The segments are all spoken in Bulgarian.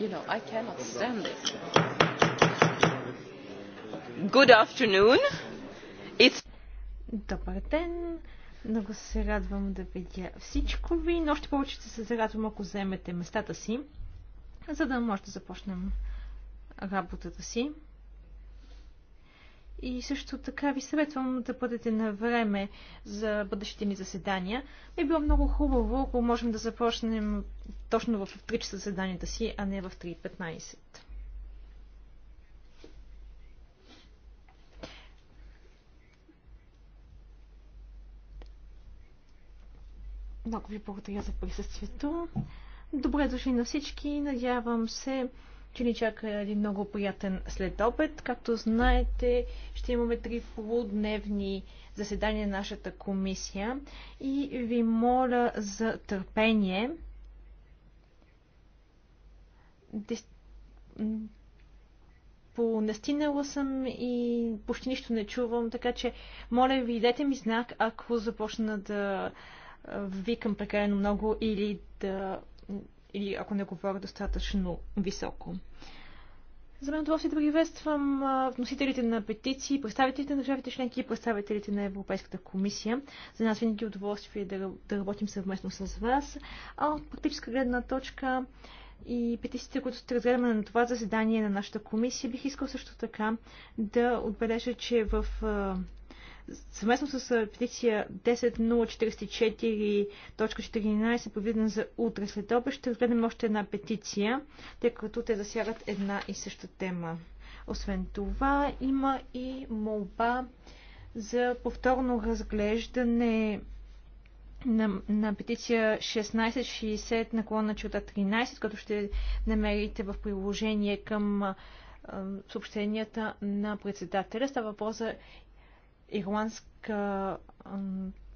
you know, I cannot stand it. Good afternoon. It's... Добър ден. Много се радвам да видя всичко ви, но още повече ще се зарадвам, ако вземете местата си, за да може да започнем работата си. И също така ви съветвам да бъдете на време за бъдещите ни заседания. Би било много хубаво, ако можем да започнем точно в 3 часа заседанията си, а не в 3.15. Много ви благодаря за присъствието. Добре дошли на всички. Надявам се че ни чака един много приятен следобед. Както знаете, ще имаме три полудневни заседания на нашата комисия и ви моля за търпение. Дес... Понастинала съм и почти нищо не чувам, така че моля ви, дайте ми знак, ако започна да викам прекалено много или да или ако не говоря достатъчно високо. За мен удоволствие да приветствам вносителите на петиции, представителите на държавите членки и представителите на Европейската комисия. За нас винаги е удоволствие да, да работим съвместно с вас. А от практическа гледна точка и петициите, които ще разгледаме на това заседание на нашата комисия, бих искал също така да отбележа, че в съвместно с петиция 10.044.14, повидна за утре след обе, ще разгледаме още една петиция, тъй като те засягат една и съща тема. Освен това, има и молба за повторно разглеждане на, на петиция 1660 наклона чута 13, като ще намерите в приложение към съобщенията на председателя. Става въпрос за ирландска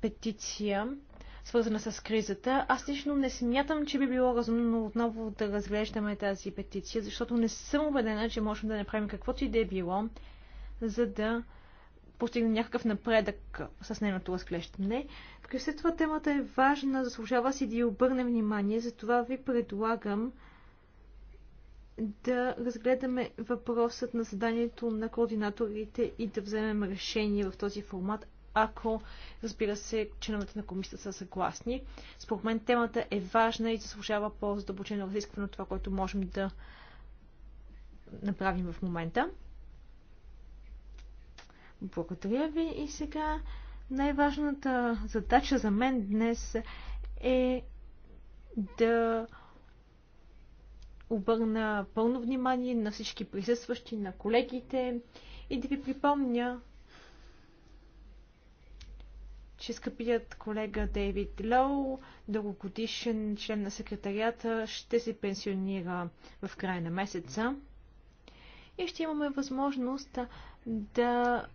петиция, свързана с кризата. Аз лично не смятам, че би било разумно отново да разглеждаме тази петиция, защото не съм убедена, че можем да направим каквото и да е било, за да постигне някакъв напредък с нейното разглеждане. В това темата е важна, заслужава си да й обърнем внимание, затова ви предлагам да разгледаме въпросът на заданието на координаторите и да вземем решение в този формат, ако, разбира се, членовете на комисията са съгласни. Според мен темата е важна и заслужава по-задълбочено разискване от това, което можем да направим в момента. Благодаря ви и сега най-важната задача за мен днес е да обърна пълно внимание на всички присъстващи, на колегите и да ви припомня, че скъпият колега Дейвид Лоу, дългогодишен член на секретарията, ще се пенсионира в края на месеца. И ще имаме възможност да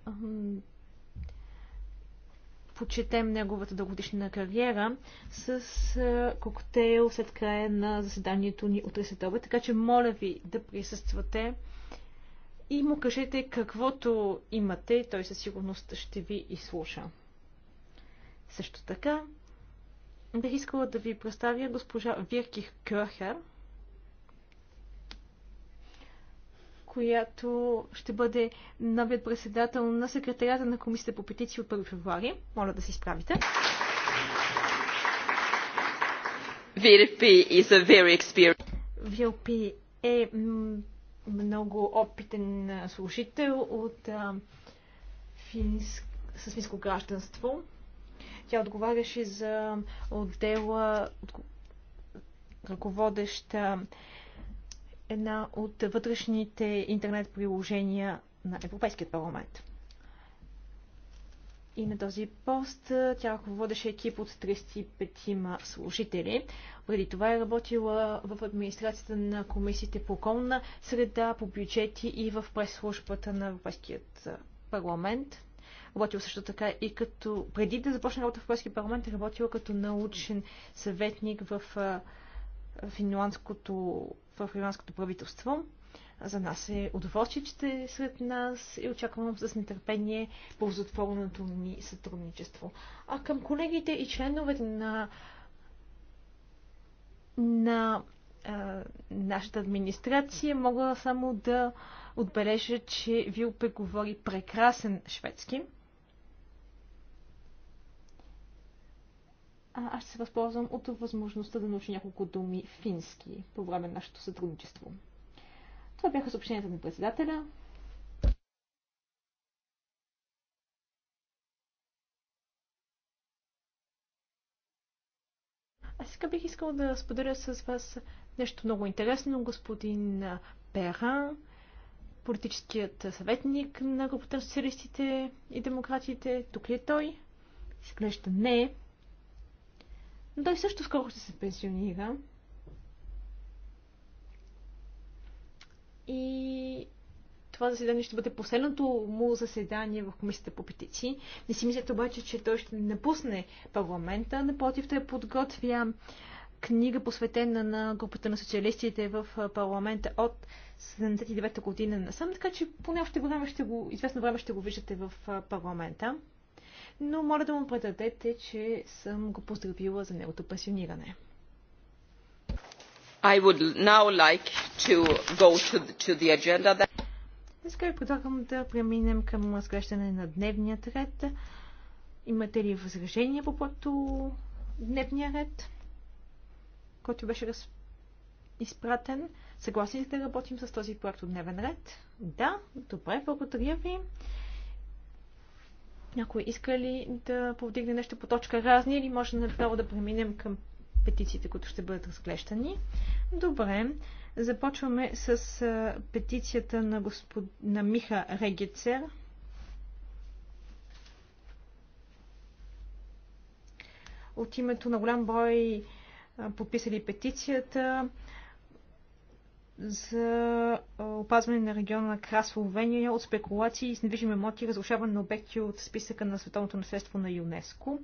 почетем неговата дългодишна кариера с коктейл след края на заседанието ни утре след обед. Така че моля ви да присъствате и му кажете каквото имате, той със сигурност ще ви изслуша. Също така, бих искала да ви представя госпожа Вирких Кърхер, която ще бъде новият председател на секретарята на Комисията по петиции от 1 февруари. Моля да се изправите. VLP is a very VLP е много опитен служител от а, финск, с финско гражданство. Тя отговаряше за отдела от, ръководеща една от вътрешните интернет приложения на Европейския парламент. И на този пост тя ръководеше екип от 35 служители. Преди това е работила в администрацията на комисиите по околна среда, по бюджети и в прес-службата на Европейският парламент. Работила също така и като, преди да започне работа в Европейския парламент, е работила като научен съветник в финландското в иранското правителство. За нас е удоволствие, че сте сред нас и очаквам с нетърпение ползотворното ни сътрудничество. А към колегите и членовете на, на а, нашата администрация мога само да отбележа, че Вилпе говори прекрасен шведски – аз ще се възползвам от възможността да науча няколко думи фински по време на нашето сътрудничество. Това бяха съобщенията на председателя. Аз сега бих искал да споделя с вас нещо много интересно. Господин Перан, политическият съветник на групата на социалистите и демократите, тук ли е той? Изглежда не. Но той също скоро ще се пенсионира. И това заседание ще бъде последното му заседание в комисията по петиции. Не си мислят обаче, че той ще напусне парламента. Напротив, той подготвя книга, посветена на групата на социалистите в парламента от 79-та година насам, така че поне още време ще го, известно време ще го виждате в парламента но моля да му предадете, че съм го поздравила за неговото пасиониране. I would now like to go to, to the agenda that... Днес ви предлагам да преминем към разглеждане на дневния ред. Имате ли възражения по пото дневния ред, който беше раз... изпратен? Съгласни ли да работим с този проект от дневен ред? Да, добре, благодаря ви. Някой иска ли да повдигне нещо по точка разни или може направо да преминем към петициите, които ще бъдат разглеждани? Добре. Започваме с петицията на, господ... на Миха Регицер. От името на голям брой подписали петицията, за опазване на региона на Красловения от спекулации с недвижими имоти и разрушаване на обекти от списъка на Световното наследство на ЮНЕСКО.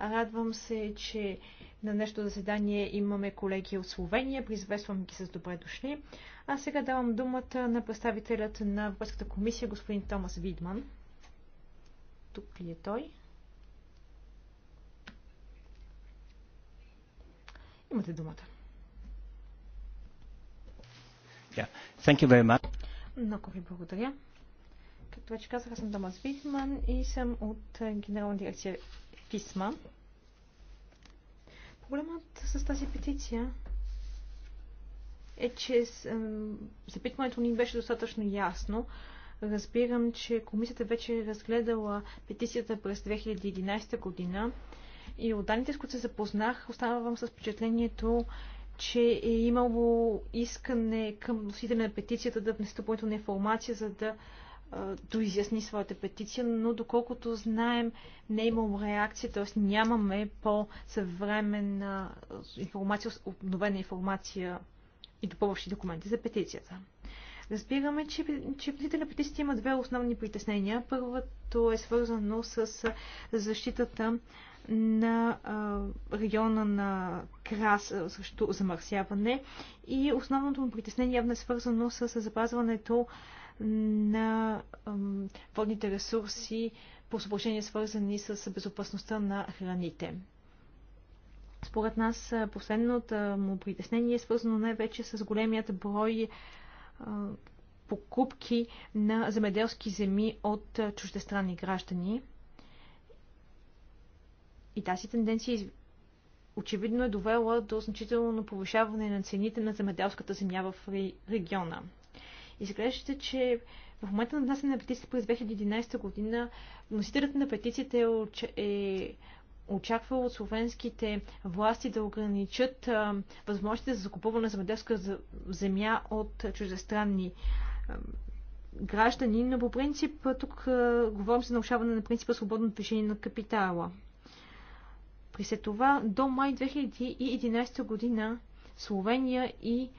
Радвам се, че на днешното заседание имаме колеги от Словения. Призвествам ги с добре дошли. А сега давам думата на представителят на Европейската комисия, господин Томас Видман. Тук ли е той? Имате думата. Yeah. Thank you very much. Много ви благодаря. Както вече казах, аз съм Томас Вихман и съм от Генерална дирекция ФИСМА. Проблемът с тази петиция е, че запитването ни беше достатъчно ясно. Разбирам, че комисията вече е разгледала петицията през 2011 година и от данните, с които се запознах, оставам с впечатлението, че е имало искане към носителя на петицията да внесе допълнителна информация, за да доизясни своята петиция, но доколкото знаем, не е имало реакция, т.е. нямаме по-съвременна информация, обновена информация и допълващи документи за петицията. Разбираме, че, че на петицията има две основни притеснения. Първото е свързано с защитата на района на Крас срещу замърсяване и основното му притеснение явно е свързано с запазването на водните ресурси по съображения свързани с безопасността на храните. Според нас последното му притеснение е свързано най-вече с големият брой покупки на земеделски земи от чуждестранни граждани. И тази тенденция очевидно е довела до значително повишаване на цените на земеделската земя в региона. Изглеждате, че в момента на внасяне на петицията през 2011 година носителят на петицията е, е очаквал от словенските власти да ограничат а, възможностите за закупуване на земеделска земя от чуждестранни граждани, но по принцип тук а, говорим за нарушаване на принципа свободно движение на капитала. При се това до май 2011 година Словения и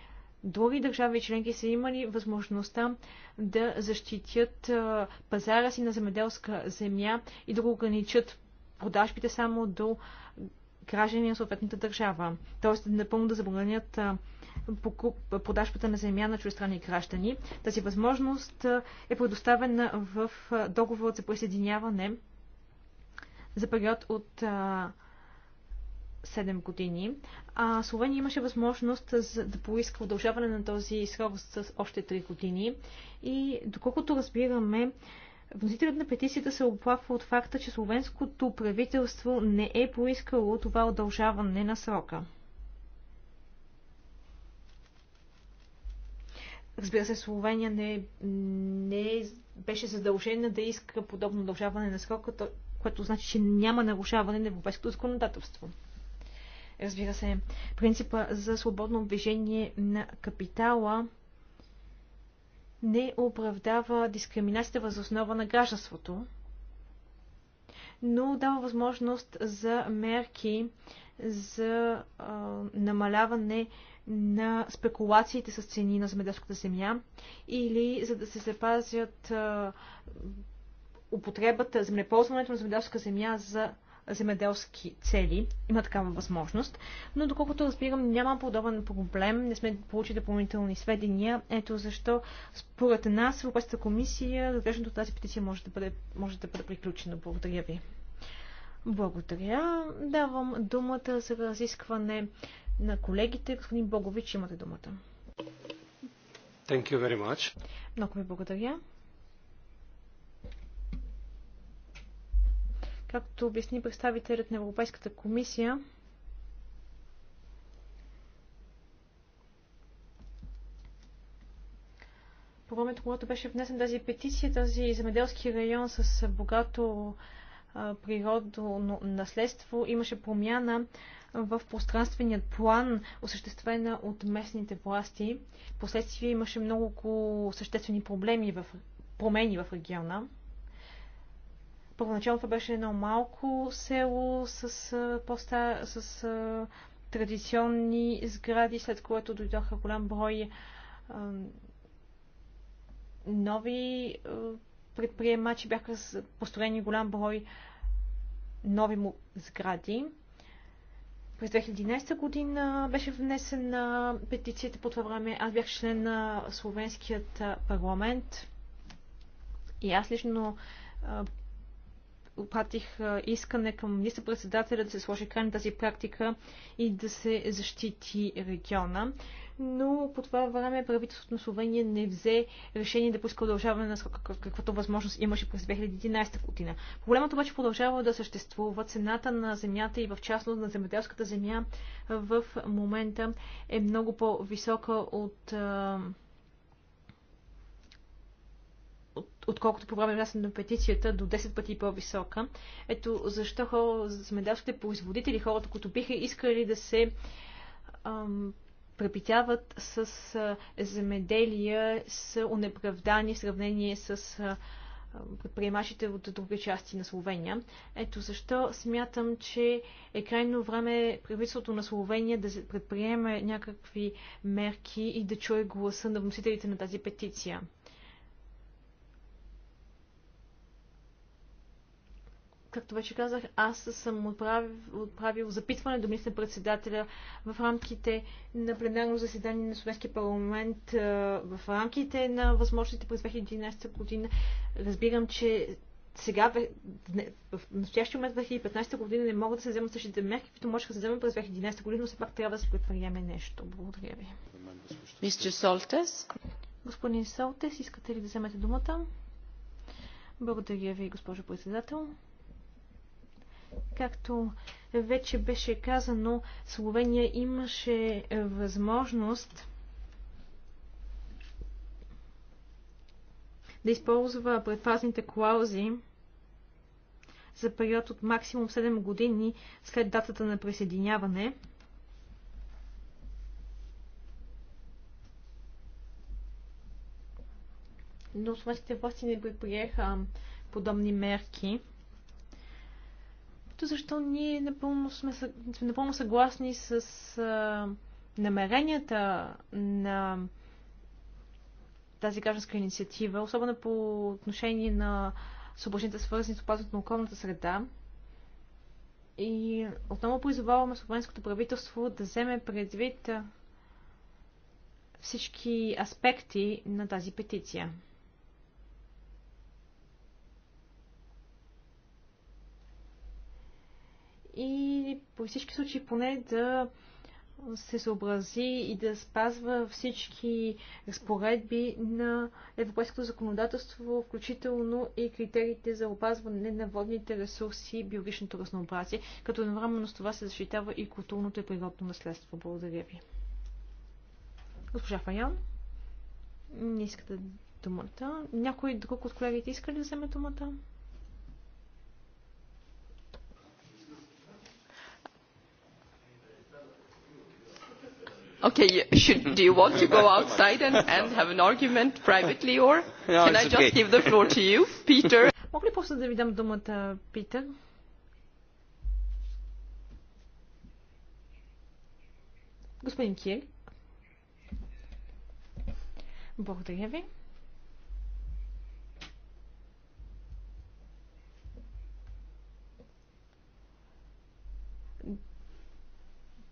други държави членки са имали възможността да защитят пазара си на земеделска земя и да го ограничат продажбите само до граждани на съответната държава. Тоест напълно да забранят продажбата на земя на чуждестранни граждани. Тази възможност е предоставена в договорът за присъединяване за период от 7 години, а Словения имаше възможност да поиска удължаване на този срок с още 3 години. И доколкото разбираме, Вносителят на петицията се оплаква от факта, че словенското правителство не е поискало това удължаване на срока. Разбира се, Словения не, не беше задължена да иска подобно удължаване на срока, което значи, че няма нарушаване на европейското законодателство. Разбира се, принципа за свободно движение на капитала не оправдава дискриминацията въз основа на гражданството, но дава възможност за мерки за а, намаляване на спекулациите с цени на земеделската земя или за да се запазят а, употребата, землеползването на земеделска земя за земеделски цели. Има такава възможност. Но доколкото разбирам, няма подобен проблем. Не сме получили допълнителни сведения. Ето защо според нас Европейската комисия разглеждането тази петиция може да бъде, може да бъде приключено. Благодаря ви. Благодаря. Давам думата за разискване на колегите. Господин Богович, имате думата. Thank you very much. Много ви благодаря. Както обясни представителят на Европейската комисия, по времето, когато беше внесен тази петиция, тази земеделски район с богато природно наследство имаше промяна в пространственият план, осъществена от местните власти. Последствие имаше много съществени проблеми в промени в региона. Първоначално това беше едно малко село с, поста, с а, традиционни сгради, след което дойдоха голям брой а, нови а, предприемачи, бяха построени голям брой нови му сгради. През 2011 година беше внесена петицията по това време. Аз бях член на Словенският парламент и аз лично опатих искане към министър-председателя да се сложи край на тази практика и да се защити региона. Но по това време правителството на Словения не взе решение да поиска удължаване на каквато възможност имаше през 2011 година. Проблемът обаче продължава да съществува. Цената на земята и в частност на земеделската земя в момента е много по-висока от отколкото по време на на петицията до 10 пъти по-висока. Ето защо хора, земеделските производители, хората, които биха искали да се ам, препитяват с а, земеделие, са унеправдани в сравнение с а, предприемачите от други части на Словения. Ето защо смятам, че е крайно време правителството на Словения да предприеме някакви мерки и да чуе гласа на вносителите на тази петиция. Както вече казах, аз съм отправил, отправил запитване до министър председателя в рамките на пленарно заседание на Словенския парламент, в рамките на възможностите през 2011 година. Разбирам, че сега, в настоящия момент 2015 година не могат да се вземат същите мерки, които можеха да се вземат през 2011 година, но все пак трябва да се предприеме нещо. Благодаря ви. Мистер Солтес. Господин Солтес, искате ли да вземете думата? Благодаря ви, госпожо председател. Както вече беше казано, Словения имаше е, възможност да използва предпазните клаузи за период от максимум 7 години след датата на присъединяване. Но словенските власти не предприеха подобни мерки. Ето защо ние напълно сме, сме напълно съгласни с а, намеренията на тази гражданска инициатива, особено по отношение на свободните свързани с опазването на околната среда. И отново призоваваме словенското правителство да вземе предвид всички аспекти на тази петиция. и по всички случаи поне да се съобрази и да спазва всички разпоредби на европейското законодателство, включително и критериите за опазване на водните ресурси и биологичното разнообразие, като едновременно с това се защитава и културното и природно наследство. Благодаря ви. Госпожа Фаян, не искате думата. Някой друг от колегите иска ли да вземе думата? Okay, should, do you want to go outside and, and have an argument privately or no, can I just okay. give the floor to you, Peter? Мога ли просто да ви дам думата, Питър? Господин Киел. Благодаря ви.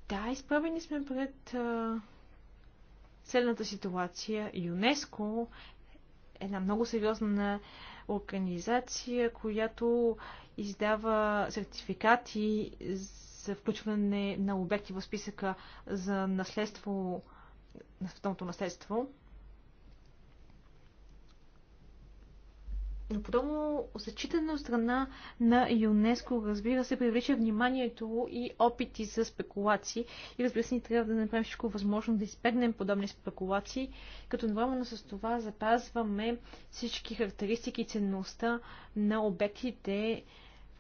Да, изправени сме пред а, следната ситуация. ЮНЕСКО е една много сериозна организация, която издава сертификати за включване на обекти в списъка за наследство, на световното наследство. Но е, подобно зачитане от страна на ЮНЕСКО, разбира се, привлича вниманието и опити за спекулации. И разбира се, ни трябва да направим всичко възможно да избегнем подобни спекулации, като едновременно с това запазваме всички характеристики и ценността на обектите,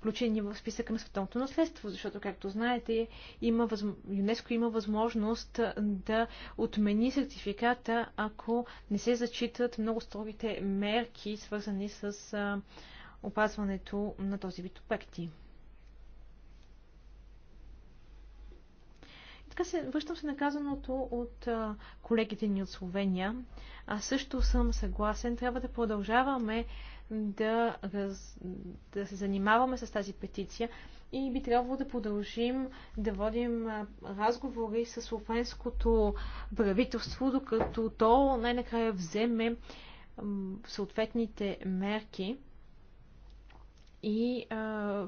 включени в списъка на световното наследство, защото, както знаете, има възм... ЮНЕСКО има възможност да отмени сертификата, ако не се зачитат много строгите мерки, свързани с а, опазването на този вид обекти. Така се връщам се наказаното от а, колегите ни от Словения. Аз също съм съгласен. Трябва да продължаваме да, раз, да се занимаваме с тази петиция и би трябвало да продължим да водим разговори с словенското правителство, докато то най-накрая вземе съответните мерки и а,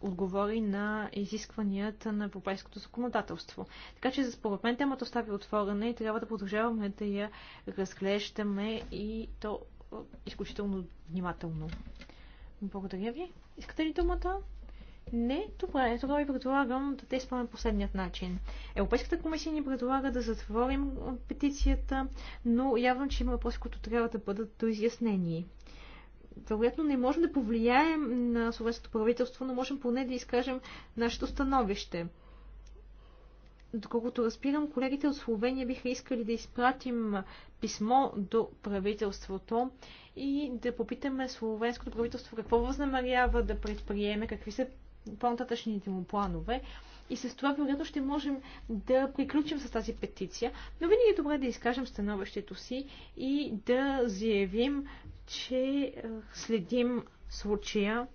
отговори на изискванията на европейското законодателство. Така че, за според мен, темата остави отворена и трябва да продължаваме да я разглеждаме и то изключително внимателно. Благодаря ви. Искате ли думата? Не, добре, тогава ви предлагам да те спаме последният начин. Европейската комисия ни предлага да затворим петицията, но явно, че има въпроси, които трябва да бъдат доизяснени. Вероятно не можем да повлияем на словенското правителство, но можем поне да изкажем нашето становище. Доколкото разбирам, колегите от Словения биха искали да изпратим писмо до правителството и да попитаме словенското правителство какво възнамерява да предприеме, какви са по-нататъчните му планове. И с това, вероятно, ще можем да приключим с тази петиция, но винаги е добре да изкажем становището си и да заявим, че е, следим случая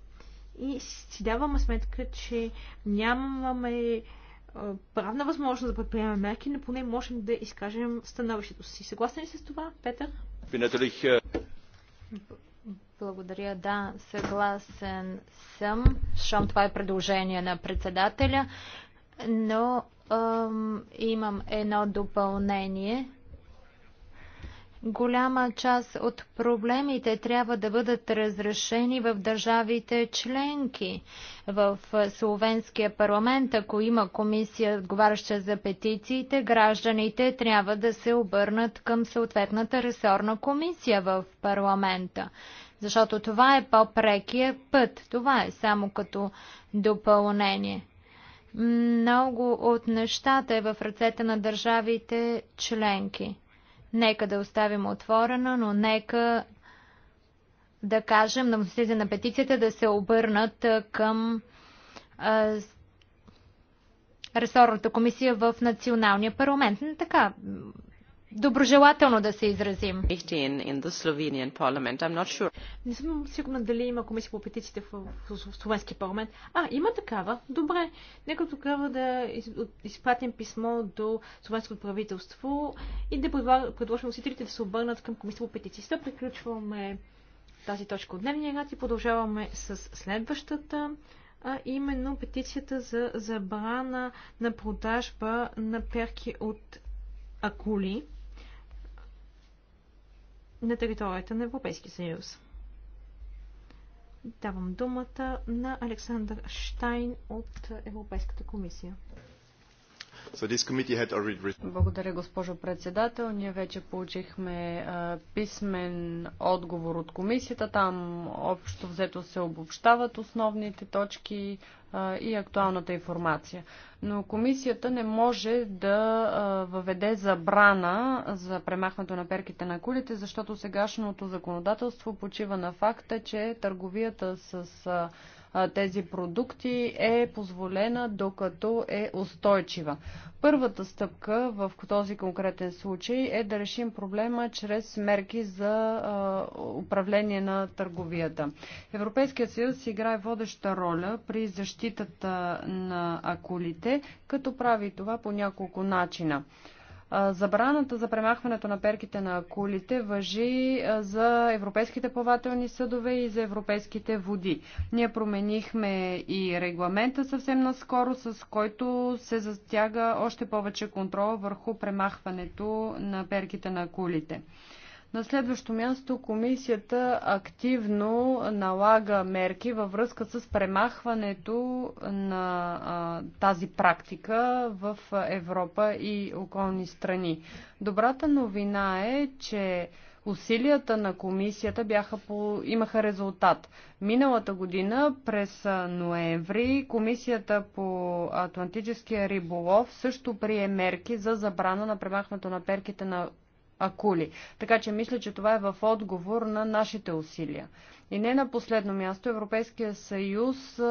и си даваме сметка, че нямаме правна възможност да предприемем мерки, но поне можем да изкажем становището си. Съгласен ли с това, Петър? Е. Благодаря, да, съгласен съм, защото това е предложение на председателя, но имам едно допълнение. Голяма част от проблемите трябва да бъдат разрешени в държавите членки. В Словенския парламент, ако има комисия, отговаряща за петициите, гражданите трябва да се обърнат към съответната ресорна комисия в парламента. Защото това е по-прекия път. Това е само като допълнение много от нещата е в ръцете на държавите членки. Нека да оставим отворена, но нека да кажем на вносителите на петицията да се обърнат към а, ресорната комисия в националния парламент. Така, доброжелателно да се изразим. Не съм сигурна дали има комисия по петициите в, в, в Словенския парламент. А, има такава. Добре. Нека тогава да из, изпратим писмо до Словенското правителство и да предложим носителите да се обърнат към комисия по Да Приключваме тази точка от дневния ред и продължаваме с следващата а именно петицията за забрана на продажба на перки от акули на територията на Европейския съюз. Давам думата на Александър Штайн от Европейската комисия. Благодаря, госпожо председател. Ние вече получихме писмен отговор от комисията. Там общо взето се обобщават основните точки и актуалната информация. Но комисията не може да въведе забрана за премахването на перките на кулите, защото сегашното законодателство почива на факта, че търговията с тези продукти е позволена докато е устойчива. Първата стъпка в този конкретен случай е да решим проблема чрез мерки за управление на търговията. Европейският съюз играе водеща роля при защитата на акулите, като прави това по няколко начина. Забраната за премахването на перките на акулите въжи за европейските плавателни съдове и за европейските води. Ние променихме и регламента съвсем наскоро, с който се застяга още повече контрол върху премахването на перките на акулите. На следващо място комисията активно налага мерки във връзка с премахването на а, тази практика в Европа и околни страни. Добрата новина е, че усилията на комисията бяха по... имаха резултат. Миналата година, през ноември, комисията по Атлантическия риболов също прие мерки за забрана на премахването на перките на акули. Така че мисля, че това е в отговор на нашите усилия. И не на последно място, Европейския съюз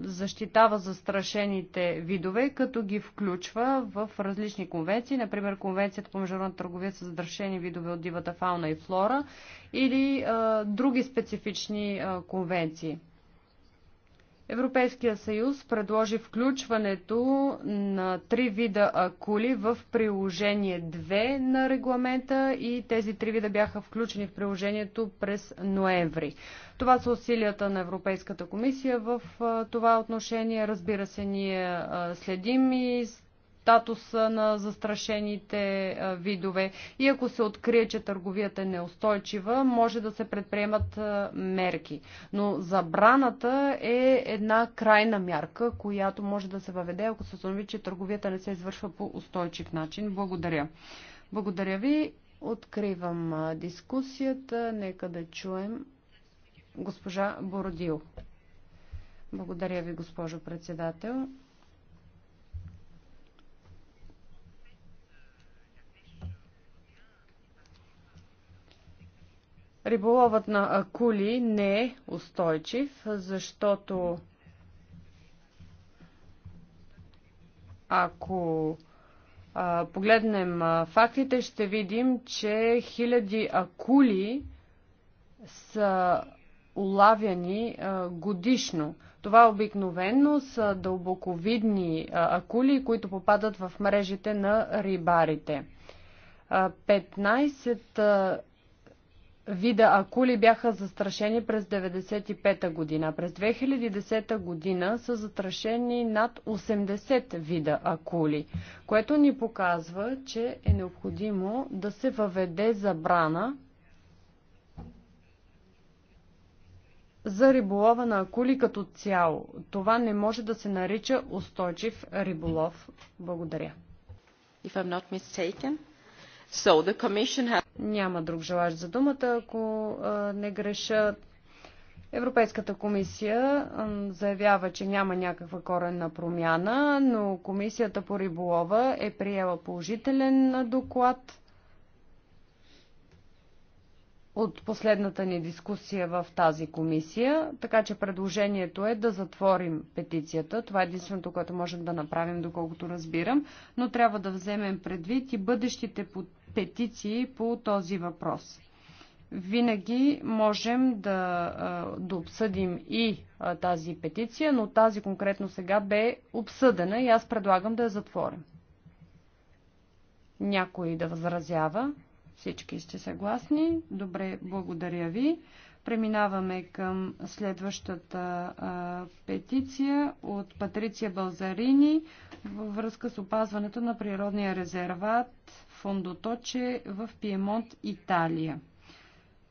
защитава застрашените видове, като ги включва в различни конвенции, например Конвенцията по международна търговия с застрашени видове от дивата фауна и флора или други специфични конвенции. Европейския съюз предложи включването на три вида акули в приложение 2 на регламента и тези три вида бяха включени в приложението през ноември. Това са усилията на Европейската комисия в това отношение. Разбира се, ние следим и статуса на застрашените видове и ако се открие, че търговията е неустойчива, може да се предприемат мерки. Но забраната е една крайна мярка, която може да се въведе, ако се установи, че търговията не се извършва по устойчив начин. Благодаря. Благодаря ви. Откривам дискусията. Нека да чуем госпожа Бородил. Благодаря ви, госпожо председател. Риболовът на акули не е устойчив, защото ако погледнем фактите, ще видим, че хиляди акули са улавяни годишно. Това обикновенно са дълбоковидни акули, които попадат в мрежите на рибарите. 15 вида акули бяха застрашени през 1995 година. През 2010 година са застрашени над 80 вида акули, което ни показва, че е необходимо да се въведе забрана за риболова на акули като цяло. Това не може да се нарича устойчив риболов. Благодаря. If I'm not mistaken, няма друг желащ за думата, ако не греша. Европейската комисия заявява, че няма някаква коренна промяна, но комисията по риболова е приела положителен доклад от последната ни дискусия в тази комисия, така че предложението е да затворим петицията. Това е единственото, което можем да направим, доколкото разбирам, но трябва да вземем предвид и бъдещите петиции по този въпрос. Винаги можем да, да обсъдим и тази петиция, но тази конкретно сега бе обсъдена и аз предлагам да я затворим. Някой да възразява. Всички сте съгласни? Добре, благодаря ви. Преминаваме към следващата а, петиция от Патриция Балзарини във връзка с опазването на природния резерват Фондоточе в Пиемонт, Италия.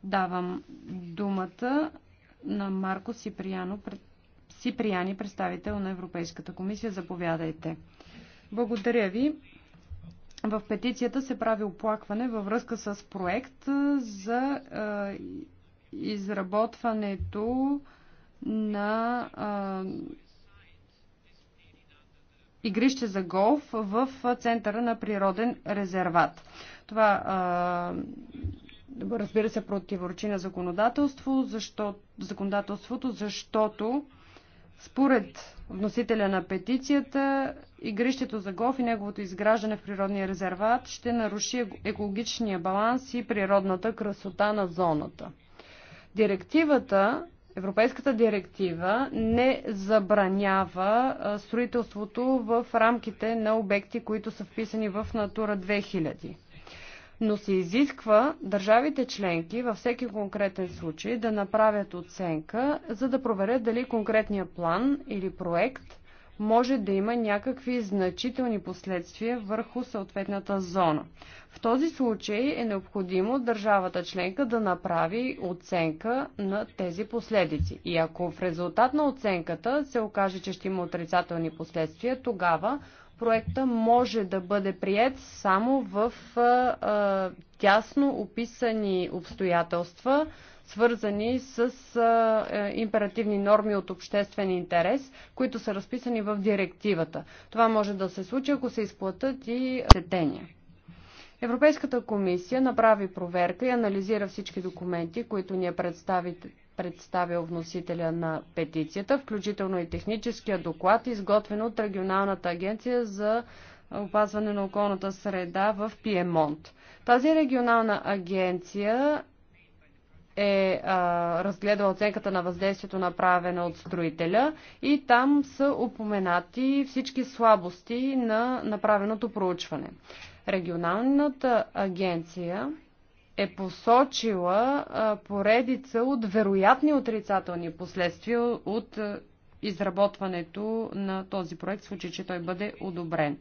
Давам думата на Марко Сиприяно, Сиприяни, представител на Европейската комисия. Заповядайте. Благодаря ви. В петицията се прави оплакване във връзка с проект за изработването на игрище за голф в центъра на природен резерват. Това разбира се противоречи на законодателство, законодателството, защото според вносителя на петицията, игрището за голф и неговото изграждане в природния резерват ще наруши екологичния баланс и природната красота на зоната. Директивата, Европейската директива не забранява строителството в рамките на обекти, които са вписани в Натура 2000 но се изисква държавите членки във всеки конкретен случай да направят оценка, за да проверят дали конкретния план или проект може да има някакви значителни последствия върху съответната зона. В този случай е необходимо държавата членка да направи оценка на тези последици. И ако в резултат на оценката се окаже, че ще има отрицателни последствия, тогава проекта може да бъде прият само в а, тясно описани обстоятелства, свързани с а, е, императивни норми от обществен интерес, които са разписани в директивата. Това може да се случи, ако се изплатят и сетения. Европейската комисия направи проверка и анализира всички документи, които ние представите представил вносителя на петицията, включително и техническия доклад, изготвен от Регионалната агенция за опазване на околната среда в Пиемонт. Тази регионална агенция е а, разгледала оценката на въздействието направена от строителя и там са упоменати всички слабости на направеното проучване. Регионалната агенция е посочила поредица от вероятни отрицателни последствия от изработването на този проект, в случай, че той бъде одобрен.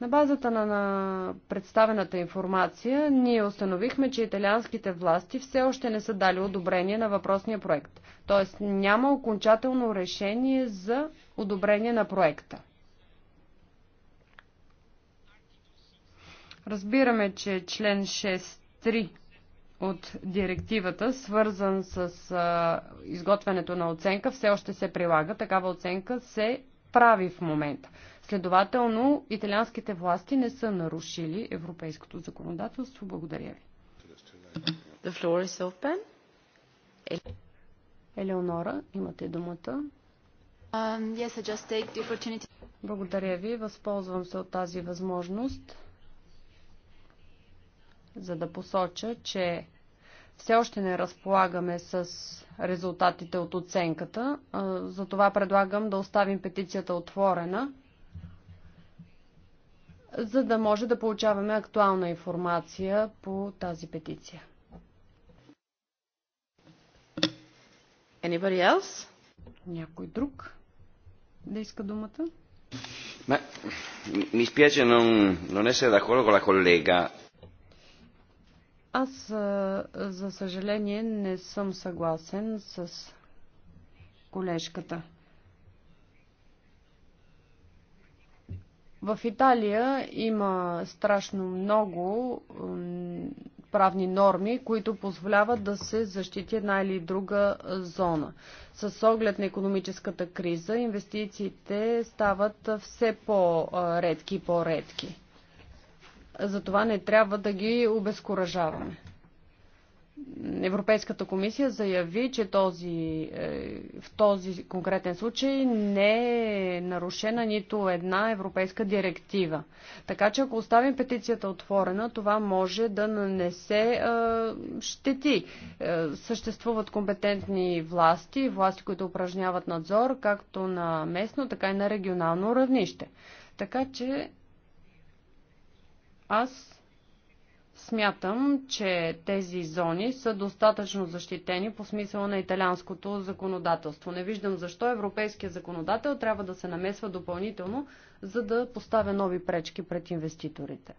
На базата на, на представената информация ние установихме, че италианските власти все още не са дали одобрение на въпросния проект. Тоест няма окончателно решение за одобрение на проекта. Разбираме, че член 6 3 от директивата, свързан с а, изготвянето на оценка, все още се прилага. Такава оценка се прави в момента. Следователно, италианските власти не са нарушили европейското законодателство. Благодаря ви. The floor is open. Е- Елеонора, имате думата. Um, yes, I just take the opportunity. Благодаря ви. Възползвам се от тази възможност за да посоча, че все още не разполагаме с резултатите от оценката. Затова предлагам да оставим петицията отворена, за да може да получаваме актуална информация по тази петиция. Anybody else? Някой друг да иска думата? Ma, mi spiace non, non essere d'accordo con la collega. Аз, за съжаление, не съм съгласен с колежката. В Италия има страшно много правни норми, които позволяват да се защити една или друга зона. С оглед на економическата криза инвестициите стават все по-редки и по-редки. Затова не трябва да ги обезкуражаваме. Европейската комисия заяви, че този, е, в този конкретен случай не е нарушена нито една европейска директива. Така че ако оставим петицията отворена, това може да нанесе е, щети. Е, съществуват компетентни власти, власти, които упражняват надзор, както на местно, така и на регионално равнище. Така че аз смятам, че тези зони са достатъчно защитени по смисъла на италианското законодателство. Не виждам защо европейския законодател трябва да се намесва допълнително, за да поставя нови пречки пред инвеститорите.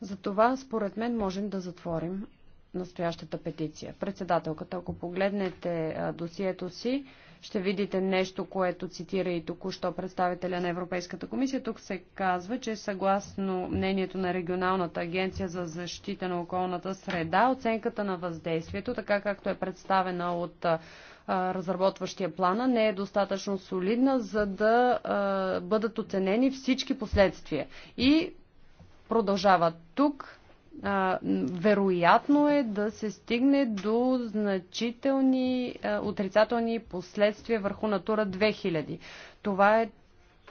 Затова, според мен, можем да затворим настоящата петиция. Председателката, ако погледнете досието си, ще видите нещо, което цитира и току-що представителя на Европейската комисия. Тук се казва, че съгласно мнението на Регионалната агенция за защита на околната среда, оценката на въздействието, така както е представена от разработващия плана не е достатъчно солидна, за да бъдат оценени всички последствия. И продължава тук вероятно е да се стигне до значителни отрицателни последствия върху Натура 2000. Това е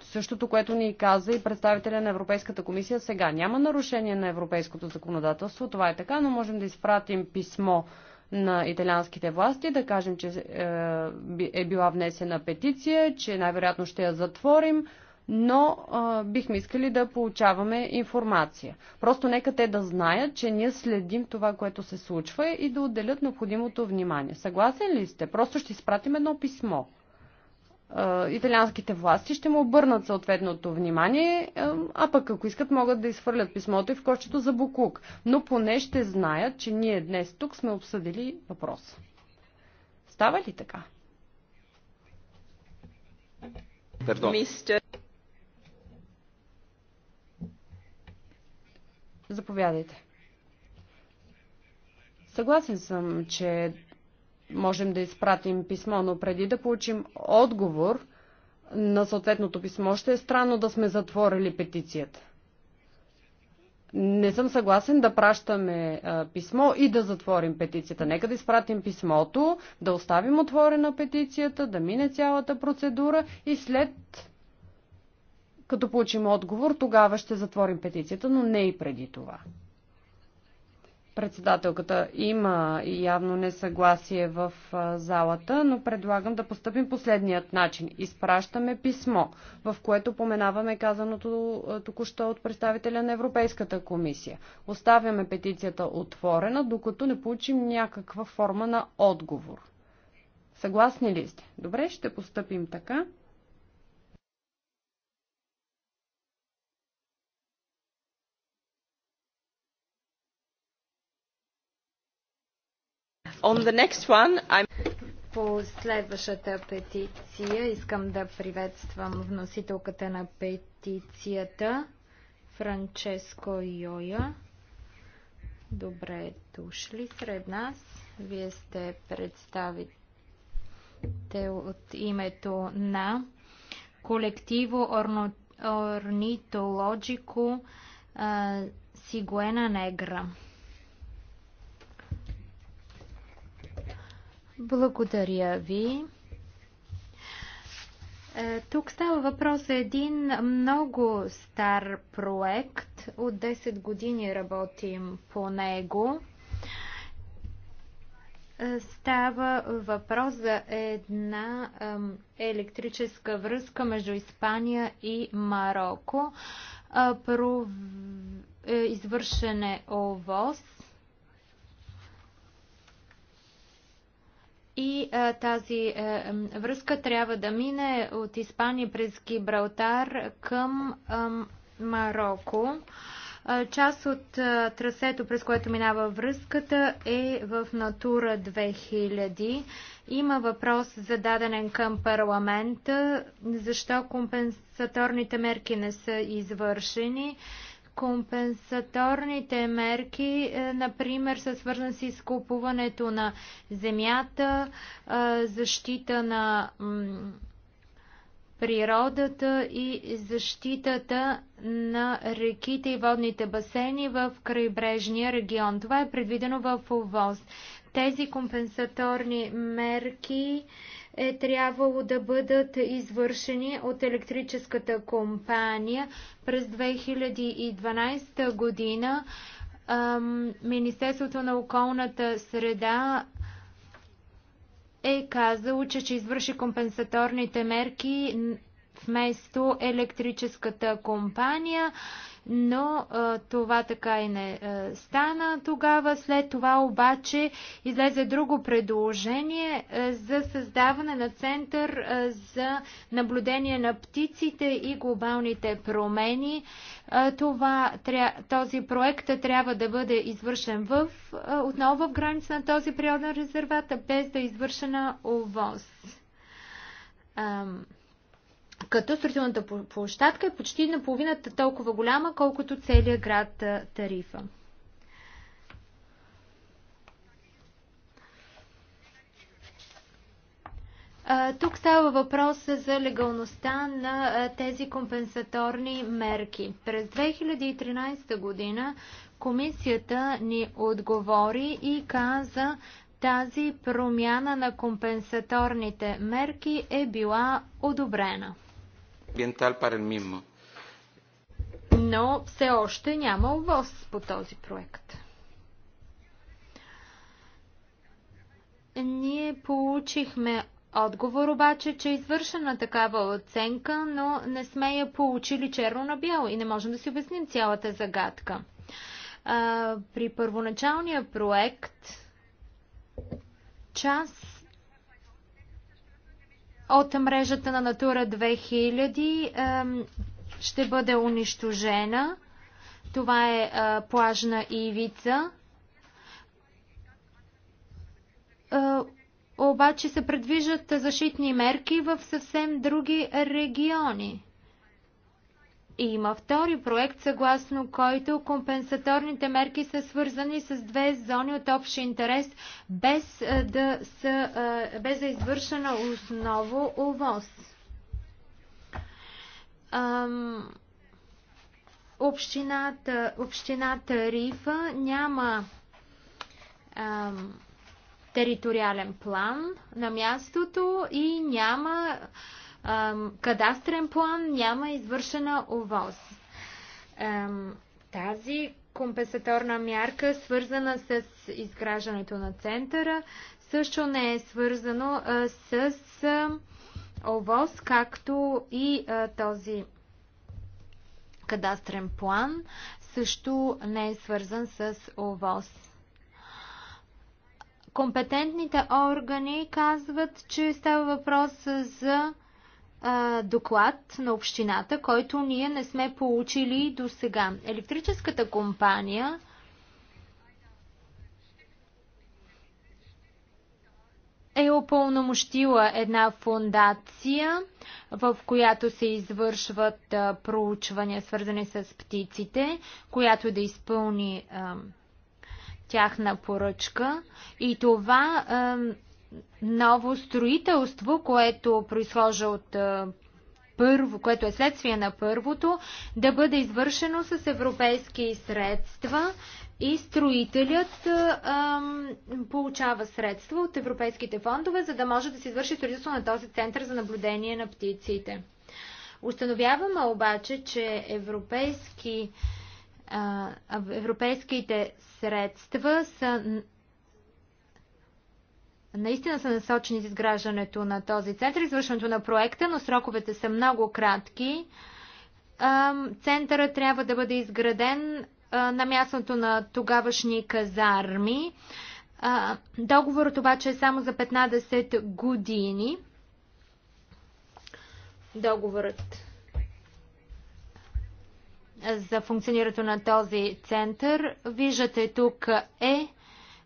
същото, което ни каза и представителя на Европейската комисия сега. Няма нарушение на европейското законодателство, това е така, но можем да изпратим писмо на италианските власти, да кажем, че е, е била внесена петиция, че най-вероятно ще я затворим но а, бихме искали да получаваме информация. Просто нека те да знаят, че ние следим това, което се случва и да отделят необходимото внимание. Съгласен ли сте? Просто ще изпратим едно писмо. А, италианските власти ще му обърнат съответното внимание, а пък ако искат могат да изхвърлят писмото и в кочето за Букук. Но поне ще знаят, че ние днес тук сме обсъдили въпроса. Става ли така? Perdón. Mister... Заповядайте. Съгласен съм, че можем да изпратим писмо, но преди да получим отговор на съответното писмо, ще е странно да сме затворили петицията. Не съм съгласен да пращаме а, писмо и да затворим петицията. Нека да изпратим писмото, да оставим отворена петицията, да мине цялата процедура и след като получим отговор, тогава ще затворим петицията, но не и преди това. Председателката има явно несъгласие в залата, но предлагам да поступим последният начин. Изпращаме писмо, в което поменаваме казаното току-що от представителя на Европейската комисия. Оставяме петицията отворена, докато не получим някаква форма на отговор. Съгласни ли сте? Добре, ще поступим така. On the next one, I'm... По следващата петиция искам да приветствам вносителката на петицията Франческо Йоя. Добре дошли сред нас. Вие сте представител от името на колективо орно... орнитологико Сигуена Негра. Благодаря ви. Е, тук става въпрос за един много стар проект. От 10 години работим по него. Е, става въпрос за една електрическа връзка между Испания и Марокко. Е, извършен е ОВОз И а, тази а, е, връзка трябва да мине от Испания през Гибралтар към а, Марокко. А, част от а, трасето, през което минава връзката, е в Натура 2000. Има въпрос зададен към парламента. Защо компенсаторните мерки не са извършени? А, Компенсаторните мерки, е, например, са свързани с изкупуването на земята, е, защита на природата и защитата на реките и водните басейни в крайбрежния регион. Това е предвидено в ОВОЗ. Тези компенсаторни мерки е трябвало да бъдат извършени от електрическата компания през 2012 година. Министерството на околната среда е казало, че ще извърши компенсаторните мерки вместо електрическата компания но а, това така и не а, стана тогава. След това обаче излезе друго предложение а, за създаване на център а, за наблюдение на птиците и глобалните промени. А, това, тря, този проект трябва да бъде извършен в, а, отново в граница на този природен резерват, без да е извършена ОВОС. Um като строителната площадка е почти наполовината толкова голяма, колкото целият град Тарифа. Тук става въпрос за легалността на тези компенсаторни мерки. През 2013 година комисията ни отговори и каза, тази промяна на компенсаторните мерки е била одобрена ambiental para el mismo. Но все още няма увоз по този проект. Ние получихме отговор обаче, че е извършена такава оценка, но не сме я получили черно на бяло и не можем да си обясним цялата загадка. при първоначалния проект част от мрежата на Натура 2000 ще бъде унищожена. Това е, е плажна ивица. Е, обаче се предвижат защитни мерки в съвсем други региони. Има втори проект, съгласно който компенсаторните мерки са свързани с две зони от общ интерес, без да, са, без да е извършена осново ОВОС. Общината, общината Рифа няма ам, териториален план на мястото и няма кадастрен план няма извършена ОВОз. Тази компенсаторна мярка, свързана с изграждането на центъра, също не е свързано с ОВОз, както и този кадастрен план също не е свързан с ОВОз. Компетентните органи казват, че става въпрос за а, доклад на общината, който ние не сме получили до сега. Електрическата компания е опълномощила една фундация, в която се извършват а, проучвания, свързани с птиците, която да изпълни а, тяхна поръчка. И това а, ново строителство, което произхожда от първо, което е следствие на първото, да бъде извършено с европейски средства и строителят ам, получава средства от европейските фондове, за да може да се извърши строителство на този център за наблюдение на птиците. Установяваме обаче, че европейски, а, европейските средства са наистина са насочени с изграждането на този център, извършването на проекта, но сроковете са много кратки. Центъра трябва да бъде изграден на мястото на тогавашни казарми. Договорът обаче е само за 15 години. Договорът за функционирането на този център. Виждате тук е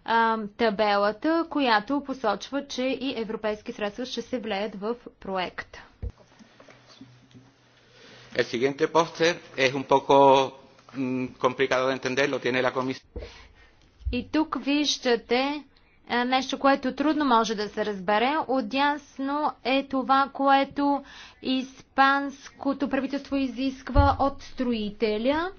а, табелата, която посочва, че и европейски средства ще се влеят в проект. El siguiente póster es un poco mm, complicado de entender, lo tiene la comisión. И тук виждате е, нещо, което трудно може да се разбере. Отясно е това, което испанското правителство изисква от строителя.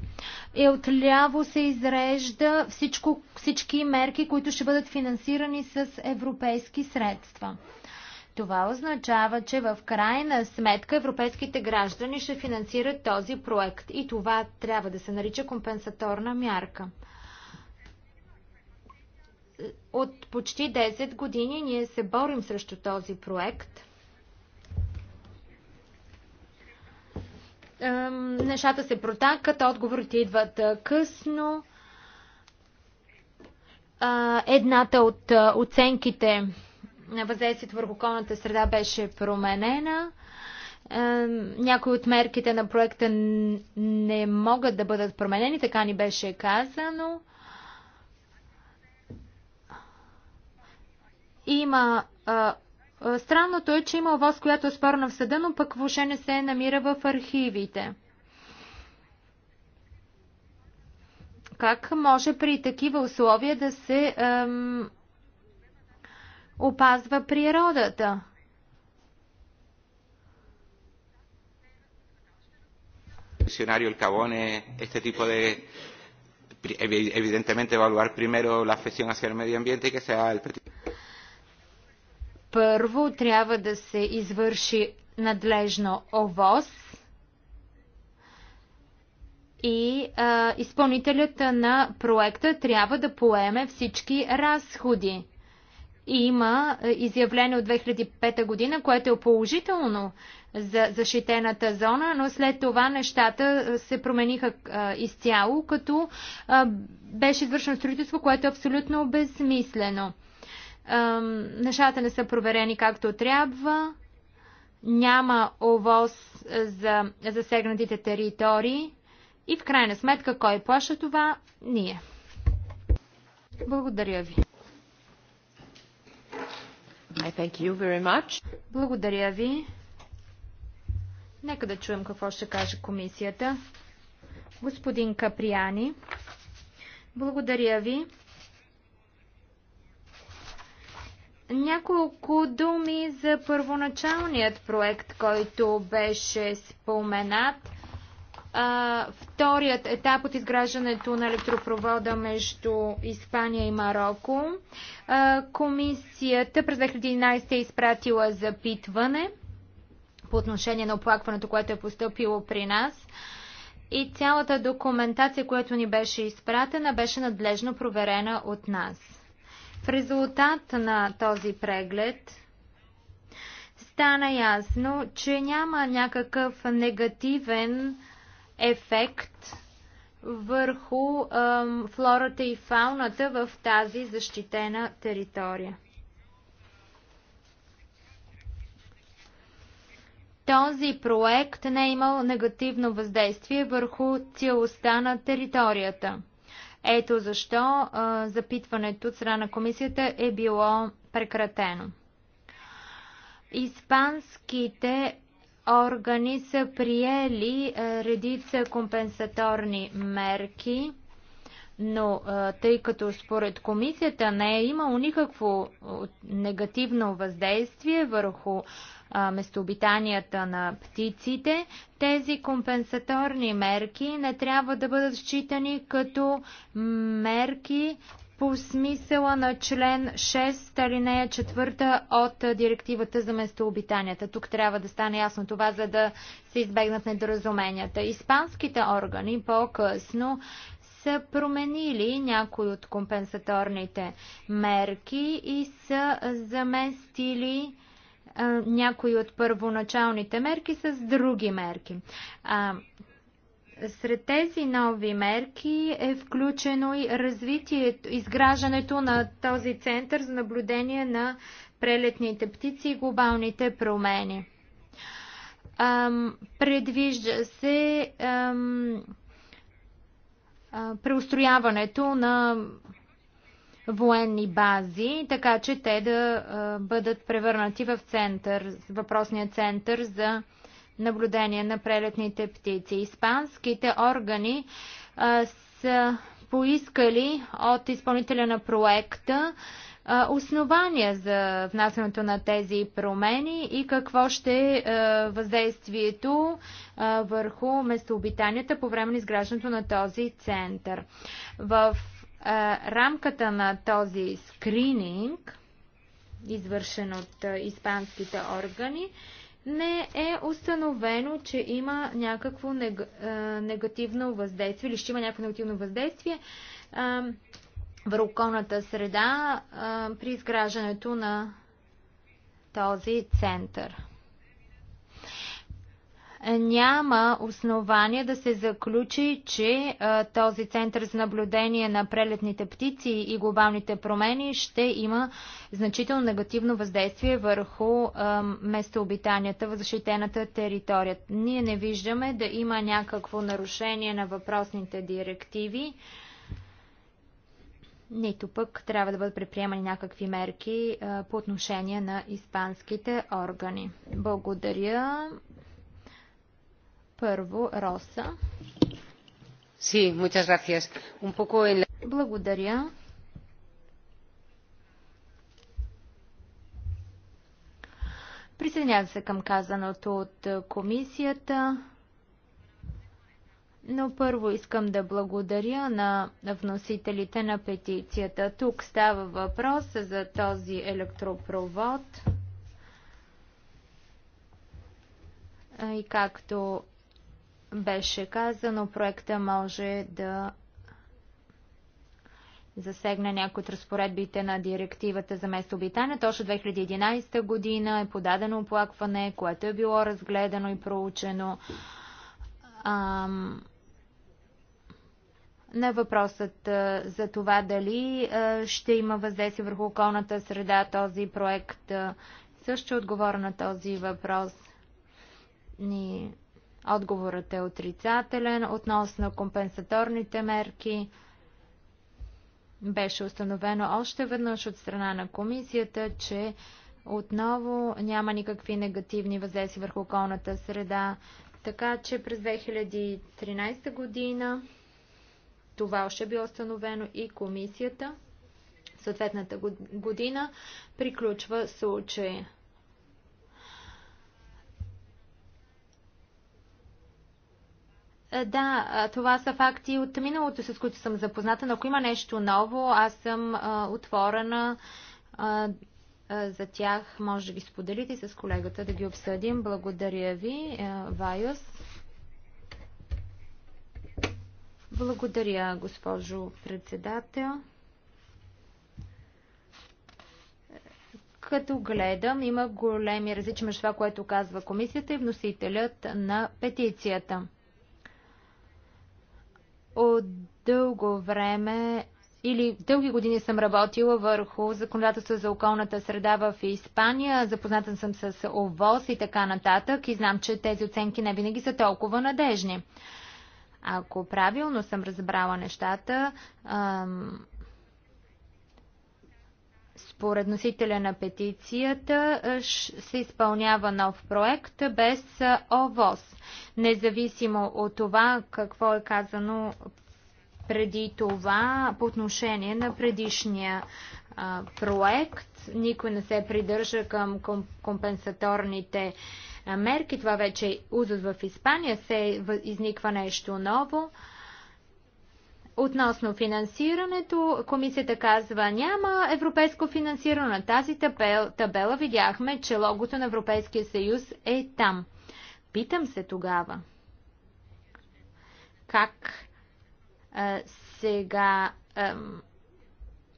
И е, отляво се изрежда всичко, всички мерки, които ще бъдат финансирани с европейски средства. Това означава, че в крайна сметка европейските граждани ще финансират този проект и това трябва да се нарича компенсаторна мярка от почти 10 години ние се борим срещу този проект. Нещата се протакат, отговорите идват късно. Едната от оценките на въздействието върху околната среда беше променена. Някои от мерките на проекта не могат да бъдат променени, така ни беше казано. Има а, Странното е, че има овоз, която е спорна в съда, но пък въобще не се намира в архивите. Как може при такива условия да се ем, опазва природата? diccionario el este tipo de evidentemente evaluar primero la afección hacia el medio ambiente y que sea el първо трябва да се извърши надлежно ОВОз и а, изпълнителят на проекта трябва да поеме всички разходи. Има изявление от 2005 година, което е положително за защитената зона, но след това нещата се промениха а, изцяло, като а, беше извършено строителство, което е абсолютно безсмислено нещата не са проверени както трябва. Няма овоз за засегнатите територии. И в крайна сметка, кой плаща това? Ние. Благодаря ви. I thank you very much. Благодаря ви. Нека да чуем какво ще каже комисията. Господин Каприяни, благодаря ви. Няколко думи за първоначалният проект, който беше споменат. вторият етап от изграждането на електропровода между Испания и Марокко. комисията през 2011 е изпратила запитване по отношение на оплакването, което е поступило при нас. И цялата документация, която ни беше изпратена, беше надлежно проверена от нас. В резултат на този преглед стана ясно, че няма някакъв негативен ефект върху е, флората и фауната в тази защитена територия. Този проект не е имал негативно въздействие върху целостта на територията. Ето защо а, запитването от страна на комисията е било прекратено. Испанските органи са приели редица компенсаторни мерки но тъй като според комисията не е имало никакво негативно въздействие върху местообитанията на птиците, тези компенсаторни мерки не трябва да бъдат считани като мерки по смисъла на член 6, алинея 4 от директивата за местообитанията. Тук трябва да стане ясно това, за да се избегнат недоразуменията. Испанските органи по-късно са променили някои от компенсаторните мерки и са заместили някои от първоначалните мерки с други мерки. сред тези нови мерки е включено и развитието, изграждането на този център за наблюдение на прелетните птици и глобалните промени. предвижда се ам, преустрояването на военни бази, така че те да бъдат превърнати в център, въпросния център за наблюдение на прелетните птици. Испанските органи са поискали от изпълнителя на проекта основания за внасянето на тези промени и какво ще е въздействието върху местообитанията по време на изграждането на този център. В рамката на този скрининг, извършен от испанските органи, не е установено, че има някакво негативно въздействие или ще има някакво негативно въздействие върху околната среда а, при изграждането на този център. Няма основания да се заключи, че а, този център за наблюдение на прелетните птици и глобалните промени ще има значително негативно въздействие върху а, местообитанията в защитената територия. Ние не виждаме да има някакво нарушение на въпросните директиви. А, нито пък трябва да бъдат предприемани някакви мерки а, по отношение на испанските органи. Благодаря. Първо, Роса. Sí, muchas gracias. Un poco en la... Благодаря. Присъединявам се към казаното от комисията. Но първо искам да благодаря на вносителите на петицията. Тук става въпрос за този електропровод. И както беше казано, проекта може да засегна някои от разпоредбите на директивата за местообитанията. Точно 2011 година е подадено оплакване, което е било разгледано и проучено. Ам, на въпросът за това дали ще има въздействие върху околната среда този проект, също отговора на този въпрос. Ни... отговорът е отрицателен. Относно компенсаторните мерки, беше установено още веднъж от страна на комисията, че отново няма никакви негативни въздействия върху околната среда. Така че през 2013 година това още е било установено и комисията съответната година приключва случай. Е, да, това са факти от миналото, с които съм запозната, но ако има нещо ново, аз съм а, отворена а, а, за тях. Може да ги споделите с колегата, да ги обсъдим. Благодаря ви, а, е, Вайос. Благодаря, госпожо председател. Като гледам, има големи различия между това, което казва комисията и вносителят на петицията. От дълго време или дълги години съм работила върху законодателство за околната среда в Испания. Запозната съм с ОВОС и така нататък и знам, че тези оценки не винаги са толкова надежни. Ако правилно съм разбрала нещата, според носителя на петицията се изпълнява нов проект без ОВОз, независимо от това какво е казано преди това по отношение на предишния а, проект. Никой не се придържа към компенсаторните а, мерки. Това вече е узът в Испания, се изниква нещо ново. Относно финансирането, комисията казва няма европейско финансиране. На тази табел, табела видяхме, че логото на Европейския съюз е там. Питам се тогава, как а, сега а,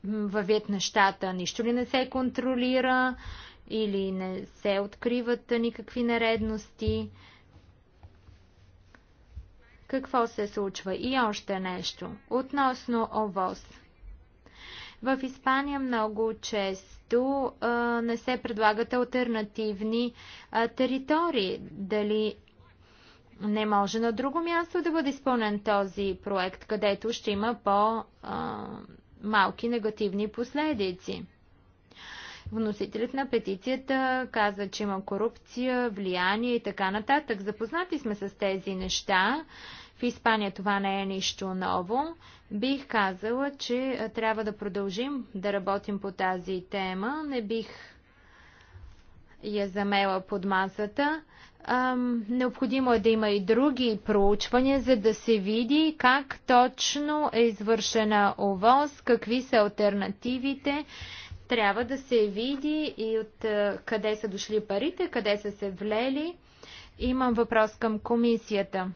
въвят нещата? Нищо ли не се контролира? А, или не се откриват никакви нередности. Какво се случва? И още нещо. Относно ОВОС. В Испания много често а, не се предлагат альтернативни а, територии. Дали не може на друго място да бъде изпълнен този проект, където ще има по-малки негативни последици. Вносителят на петицията каза, че има корупция, влияние и така нататък. Запознати сме с тези неща. В Испания това не е нищо ново. Бих казала, че трябва да продължим да работим по тази тема. Не бих я замела под масата. необходимо е да има и други проучвания, за да се види как точно е извършена ОВОз, какви са альтернативите трябва да се види и от е, къде са дошли парите, къде са се влели. Имам въпрос към комисията.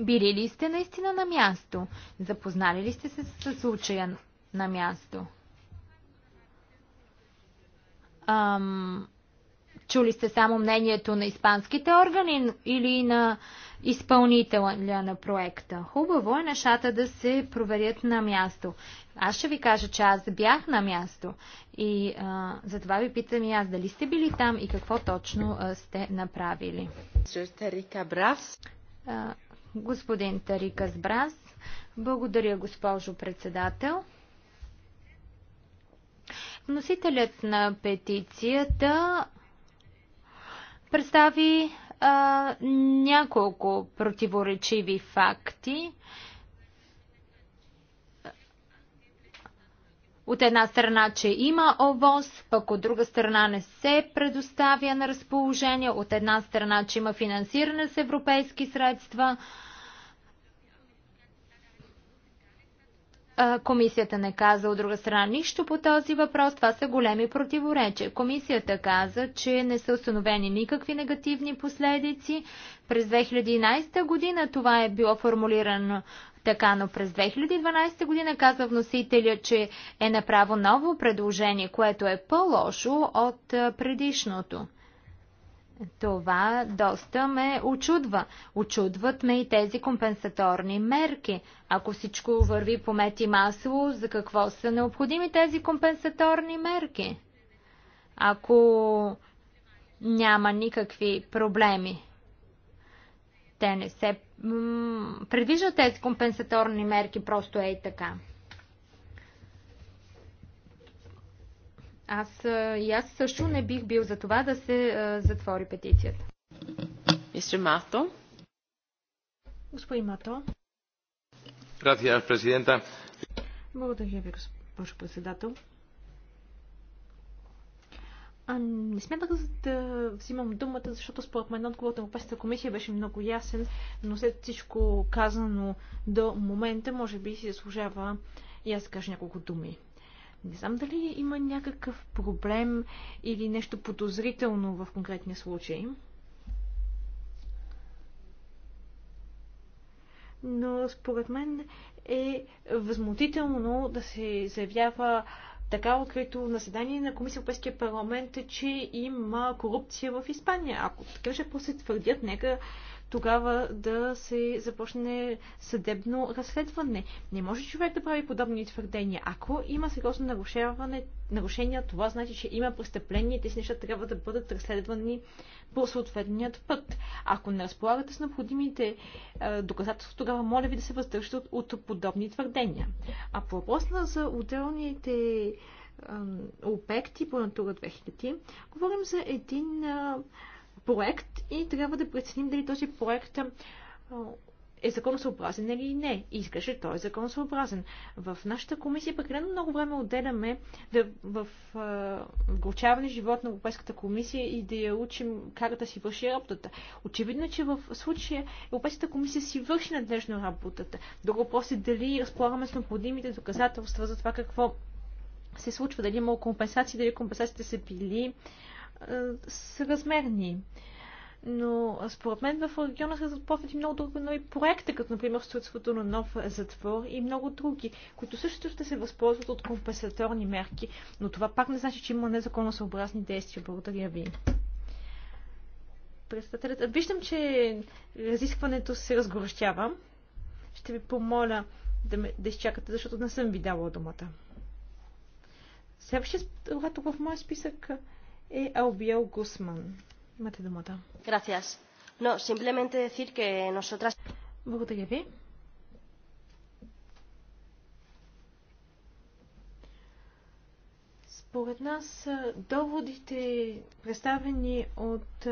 Били ли сте наистина на място? Запознали ли сте се с случая на място? Ам, Чули сте само мнението на испанските органи или на изпълнителя на проекта. Хубаво е нещата да се проверят на място. Аз ще ви кажа, че аз бях на място и а, затова ви питам и аз дали сте били там и какво точно а, сте направили. Тарика Брас. господин Тарика Брас. благодаря госпожо председател. Вносителят на петицията представи а, няколко противоречиви факти. От една страна, че има ОВОз, пък от друга страна не се предоставя на разположение, от една страна, че има финансиране с европейски средства, Комисията не каза от друга страна нищо по този въпрос. Това са големи противоречия. Комисията каза, че не са установени никакви негативни последици. През 2011 година това е било формулирано така, но през 2012 година каза вносителя, че е направо ново предложение, което е по-лошо от предишното. Това доста ме очудва. Очудват ме и тези компенсаторни мерки. Ако всичко върви по мети и масло, за какво са необходими тези компенсаторни мерки? Ако няма никакви проблеми. Те не се предвиждат тези компенсаторни мерки, просто е и така. Аз и аз също не бих бил за това да се а, затвори петицията. Мистер Мато. Господин Мато. Gracias, президента. Благодаря ви, госпожо председател. А, не смятах да взимам думата, защото според мен отговорът на Европейската комисия беше много ясен, но след всичко казано до момента, може би си заслужава и аз да кажа няколко думи. Не знам дали има някакъв проблем или нещо подозрително в конкретния случай. Но според мен е възмутително да се заявява така открито на заседание на Комисия Европейския парламент, че има корупция в Испания. Ако така ще после твърдят, нека тогава да се започне съдебно разследване. Не може човек да прави подобни твърдения. Ако има сериозно нарушаване, нарушения, това значи, че има престъпление и тези неща трябва да бъдат разследвани по съответният път. Ако не разполагате с необходимите е, доказателства, тогава моля ви да се въздържате от, от подобни твърдения. А по въпроса за отделните е, обекти по Натура 2000, говорим за един е, проект и трябва да преценим дали този проект е законосъобразен или не. Искаше той е законосъобразен. В нашата комисия прекалено много време отделяме да, в вглучаване живот на Европейската комисия и да я учим как да си върши работата. Очевидно, е, че в случая Европейската комисия си върши надлежно работата. Друг въпрос е дали разполагаме с необходимите доказателства за това какво се случва, дали има компенсации, дали компенсациите са били са размерни. Но според мен в региона се са и много други нови проекти, като например строителството на нов затвор и много други, които също ще се възползват от компенсаторни мерки, но това пак не значи, че има незаконосъобразни действия. Благодаря ви. Представителят, виждам, че разискването се разгорещява. Ще ви помоля да, ме, да изчакате, защото не съм ви дала думата. Следващият когато в моя списък е Албиел Гусман. Имате думата. Gracias. No, simplemente decir que nosotras... Благодаря ви. Според нас доводите, представени от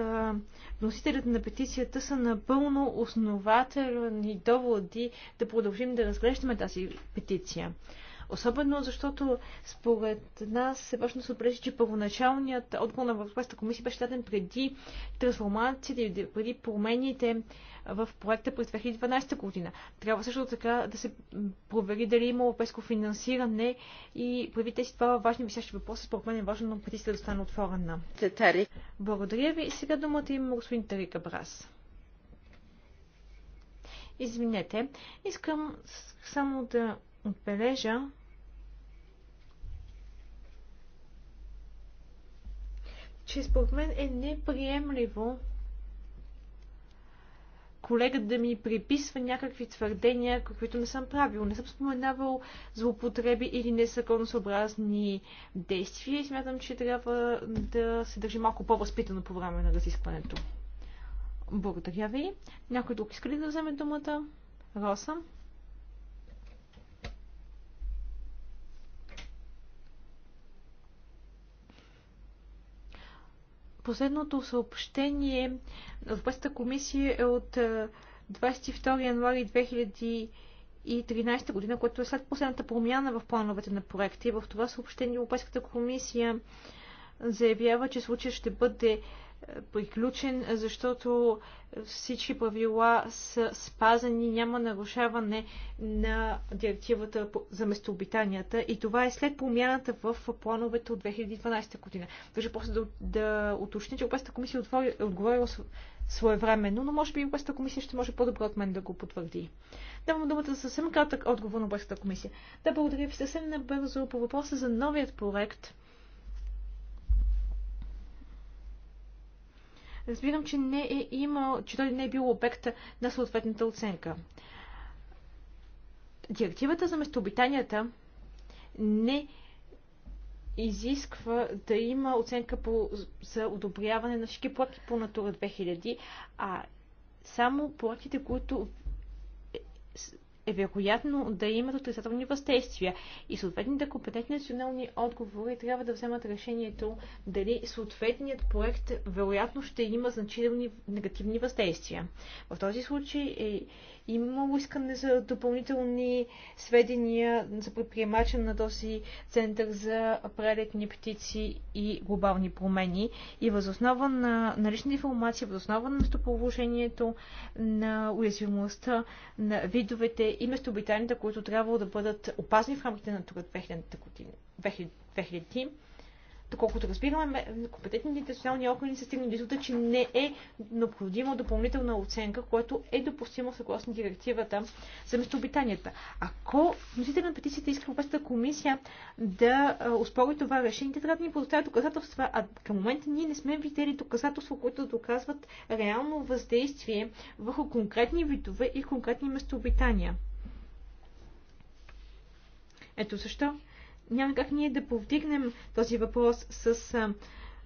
вносителите на петицията, са напълно основателни доводи да продължим да разглеждаме тази петиция. Особено защото според нас е важно да се отбележи, че първоначалният отговор на Европейската комисия беше даден преди трансформацията и преди промените в проекта през 2012 година. Трябва също така да се провери дали има европейско финансиране и преди тези това важни висящи въпроси, според мен е важно, но преди да стане отворена. Благодаря ви и сега думата има господин Тарика Брас. Извинете, искам само да отбележа, че според мен е неприемливо колега да ми приписва някакви твърдения, които не съм правил. Не съм споменавал злоупотреби или незаконосъобразни действия и смятам, че трябва да се държи малко по-възпитано по време на разискването. Благодаря ви. Някой друг иска ли да вземе думата? Роса? Последното съобщение на Европейската комисия е от 22 е, януари 2013 година, което е след последната промяна в плановете на проекти. И в това съобщение Европейската комисия заявява, че случая ще бъде приключен, защото всички правила са спазени, няма нарушаване на директивата за местообитанията и това е след промяната в плановете от 2012 година. Държа просто да, да уточня, че Европейската комисия отвори, е отговорила своевременно, но може би Европейската комисия ще може по добро от мен да го потвърди. Давам думата за съвсем кратък отговор на Европейската комисия. Да, благодаря ви съвсем набързо по въпроса за новият проект – разбирам, че не е имал, че той не е бил обект на съответната оценка. Директивата за местообитанията не изисква да има оценка по, за одобряване на всички проекти по Натура 2000, а само проектите, които е, е вероятно да имат отрицателни въздействия. И съответните компетентни национални отговори трябва да вземат решението дали съответният проект вероятно ще има значителни негативни въздействия. В този случай е имало искане за допълнителни сведения за предприемача на този център за прелетни птици и глобални промени. И възоснова на налична информация, възоснова на местоположението на уязвимостта на видовете градовете и местообитанията, които трябва да бъдат опазни в рамките на Натура 2000, 2000 Доколкото разбираме, компетентните социални органи са стигнали до извода, че не е необходима допълнителна оценка, което е допустима съгласно директивата за местообитанията. Ако носител на петицията иска Европейската комисия да успори това решение, те трябва да ни предоставят доказателства, а към момента ние не сме видели доказателства, които доказват реално въздействие върху конкретни видове и конкретни местообитания. Ето защо няма как ние да повдигнем този въпрос с а,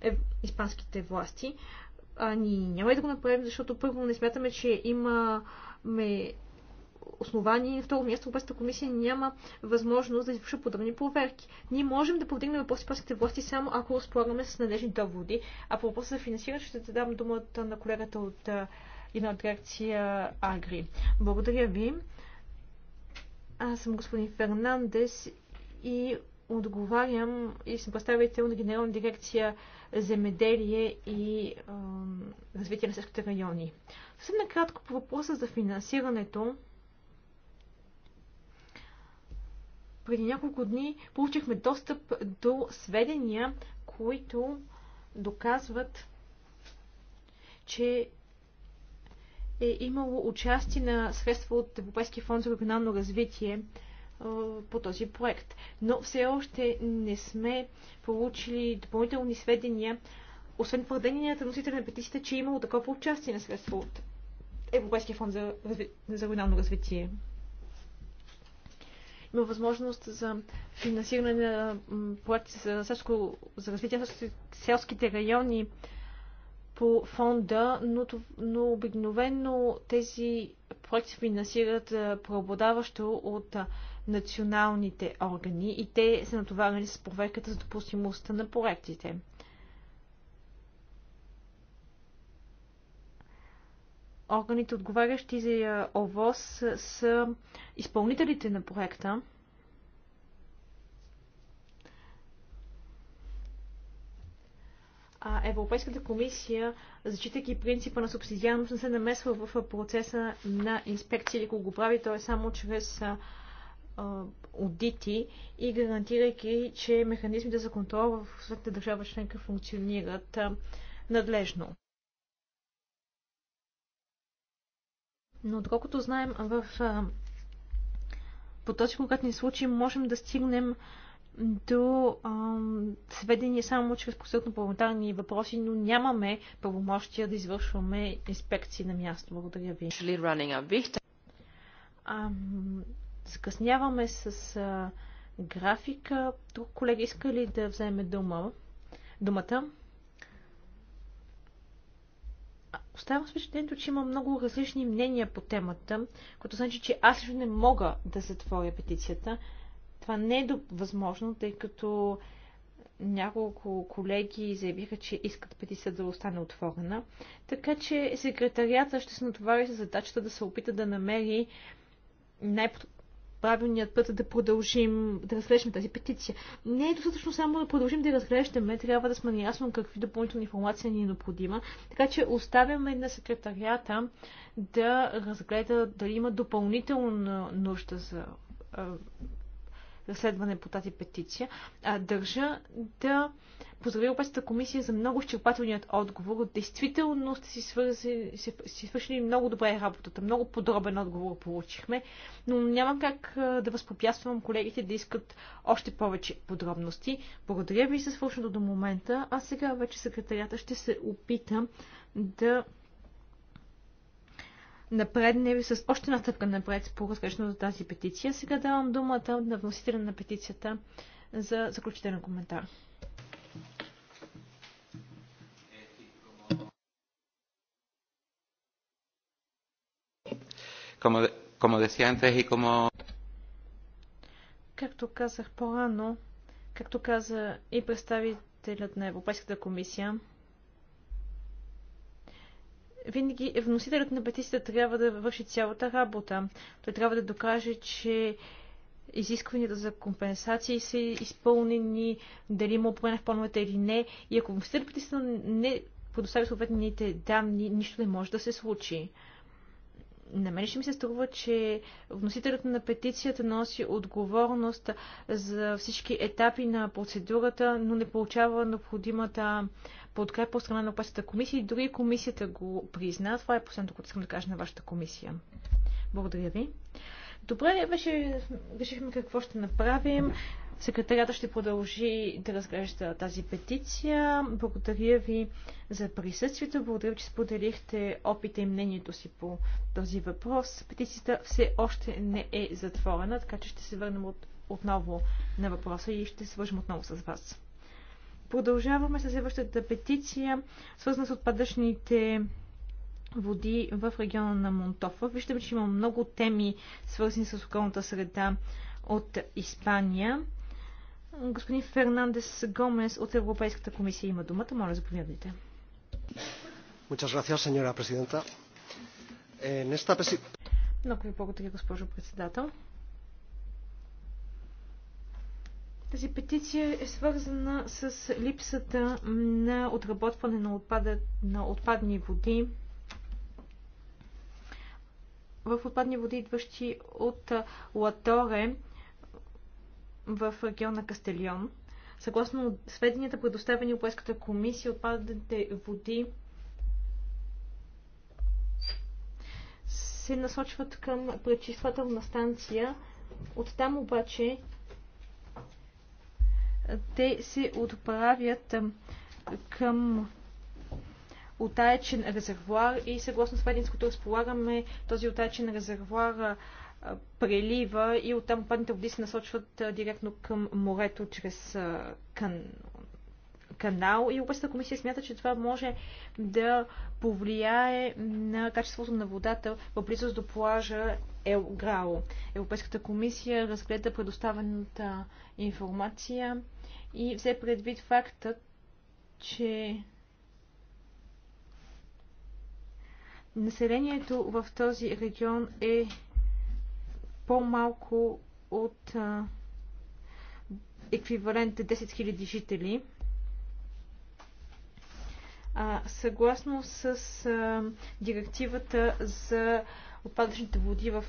е, испанските власти. А, ние няма и да го направим, защото първо не смятаме, че имаме основание. На второ място, Европейската комисия няма възможност да извърши подобни проверки. Ние можем да повдигнем въпроси паските власти само ако разполагаме с надежни доводи. А по въпроса за финансиране ще дам думата на колегата от една дирекция Агри. Благодаря ви. Аз съм господин Фернандес и отговарям и съм представител на Генерална дирекция земеделие и а, развитие на селските райони. Съвсем накратко по въпроса за финансирането. Преди няколко дни получихме достъп до сведения, които доказват, че е имало участие на средства от Европейския фонд за регионално развитие по този проект. Но все още не сме получили допълнителни сведения, освен твърденията на носителя на петицията, че е имало такова участие на средства от Европейския фонд за, разви... за регионално развитие. Има възможност за финансиране на проекти за, селско, за развитие на селските райони по фонда, но, но обикновено тези проекти се финансират преобладаващо от националните органи и те са натоварени с проверката за допустимостта на проектите. Органите, отговарящи за ОВОС, са изпълнителите на проекта. а Европейската комисия, зачитайки принципа на субсидиарност, не се намесва в процеса на инспекция или го прави, то е само чрез одити и гарантирайки, че механизмите за контрол в съответната държава членка функционират надлежно. Но доколкото знаем, в, по този конкретни случай можем да стигнем до а, сведения само чрез посредно парламентарни въпроси, но нямаме правомощия да извършваме инспекции на място. Благодаря ви. А, Закъсняваме с а, графика. Тук колега иска ли да вземе дума? думата? Оставам с впечатлението, че има много различни мнения по темата, което значи, че аз също не мога да затворя петицията. Това не е възможно, тъй като няколко колеги заявиха, че искат петицията да остане отворена. Така че секретарията ще се натовари с задачата да се опита да намери най правилният път да продължим да разглеждаме тази петиция. Не е достатъчно само да продължим да я разглеждаме, трябва да сме наясно какви допълнителни информация ни е необходима. Така че оставяме на секретарията да разгледа дали има допълнителна нужда за разследване по тази петиция. А, държа да поздравя Европейската комисия за много изчерпателният отговор. Действително сте си, свързи, си, си свършили много добре работата. Много подробен отговор получихме, но няма как а, да възпрепятствам колегите да искат още повече подробности. Благодаря ви за свършното до момента, а сега вече секретарята ще се опитам да напредне с още една стъпка напред по разкрещено за тази петиция. Сега давам думата на вносителя на петицията за заключителен коментар. Como, como decía antes y como... Както казах по-рано, както каза и представителят на Европейската комисия, винаги вносителят на петицията трябва да върши цялата работа. Той трябва да докаже, че изискванията за компенсации са изпълнени, дали има определена в плановете или не. И ако вносителят петицията не предостави съответните данни, нищо не може да се случи. На мен ще ми се струва, че вносителят на петицията носи отговорност за всички етапи на процедурата, но не получава необходимата подкрепа от страна на Европейската комисия и дори комисията го призна. Това е последното, което искам да кажа на вашата комисия. Благодаря ви. Добре, вече решихме какво ще направим. Секретарята ще продължи да разглежда тази петиция. Благодаря ви за присъствието. Благодаря, че споделихте опита и мнението си по този въпрос. Петицията все още не е затворена, така че ще се върнем от, отново на въпроса и ще свържем отново с вас. Продължаваме с следващата петиция, свързана с отпадъчните води в региона на Монтофа. Виждаме, че има много теми, свързани с околната среда от Испания. Господин Фернандес Гомес от Европейската комисия има думата. Моля, заповядайте. Много ви благодаря, госпожо председател. Тази петиция е свързана с липсата на отработване на, отпада, на отпадни води в отпадни води, идващи от Латоре в региона Кастелион. Съгласно сведенията, предоставени от Плеската комисия, отпадните води се насочват към пречиствателна станция. Оттам обаче те се отправят към отаечен резервуар и съгласно сведения, с които разполагаме, този отаечен резервуар прелива и оттам падните води се насочват директно към морето чрез кан... канал. И Европейската комисия смята, че това може да повлияе на качеството на водата в близост до плажа Грао. Европейската комисия разгледа предоставената информация и взе предвид факта, че населението в този регион е по-малко от а, еквивалент 10 000 жители. А, съгласно с а, директивата за отпадъчните води в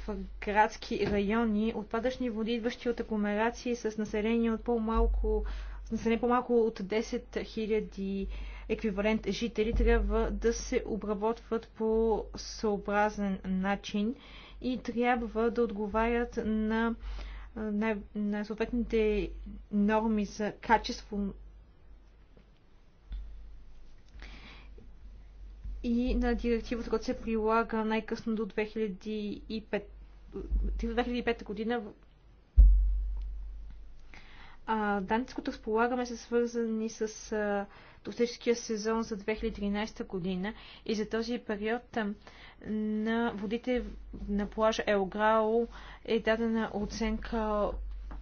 градски райони, отпадъчни води, идващи от агломерации с население от по-малко за не по-малко от 10 000 еквивалент жители трябва да се обработват по съобразен начин и трябва да отговарят на, на, на съответните норми за качество и на директивата, която се прилага най-късно до 2005, 2005 година а, данните, които разполагаме, са свързани с а, туристическия сезон за 2013 година и за този период а, на водите на плажа Елграо е дадена оценка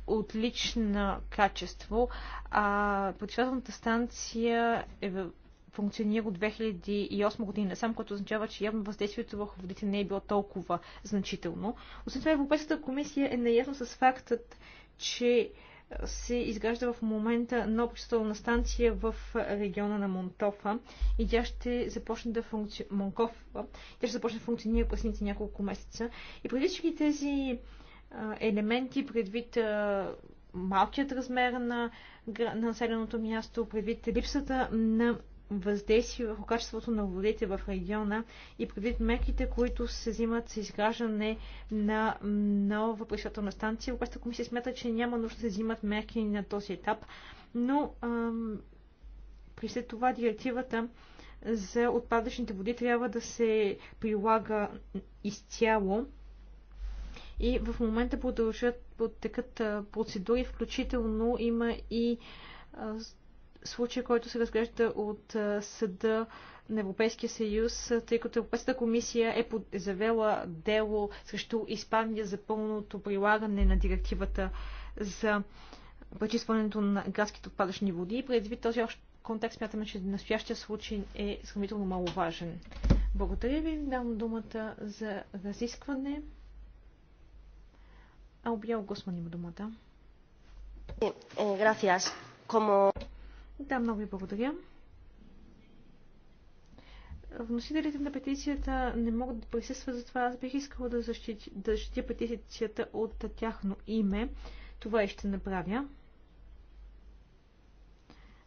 отлично качество, а почвателната станция е функционира от 2008 година, само което означава, че явно въздействието върху водите не е било толкова значително. Освен това, Европейската комисия е наясно с фактът, че се изгражда в момента на обществена станция в региона на Монтофа и тя ще започне да функци... Монков, тя ще започне да функционира през няколко месеца. И преди всички тези елементи, предвид малкият размер на населеното място, предвид липсата на въздействие върху качеството на водите в региона и предвид мерките, които се взимат с изграждане на нова пресвятелна станция. Европейската комисия смята, че няма нужда да се взимат мерки на този етап, но ам, при след това директивата за отпадъчните води трябва да се прилага изцяло. И в момента продължат, подтекат процедури, включително има и случай, който се разглежда от съда на Европейския съюз, тъй като Европейската комисия е, е, завела дело срещу Испания за пълното прилагане на директивата за пречистването на градските отпадъчни води. Предвид този общ контекст смятаме, че настоящия случай е сравнително маловажен. Благодаря ви. Дам думата за разискване. Албиел Госман има думата. Gracias. Е, Como е, да, много ви благодаря. Вносителите на петицията не могат да присъстват, затова аз бих искала да защитя, да защитя петицията от тяхно име. Това и ще направя.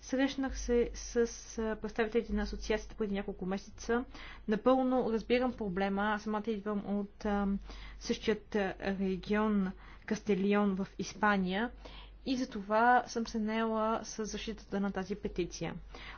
Срещнах се с представителите на асоциацията преди няколко месеца. Напълно разбирам проблема. Аз самата идвам от същият регион Кастелион в Испания и за това съм се наела с защитата на тази петиция.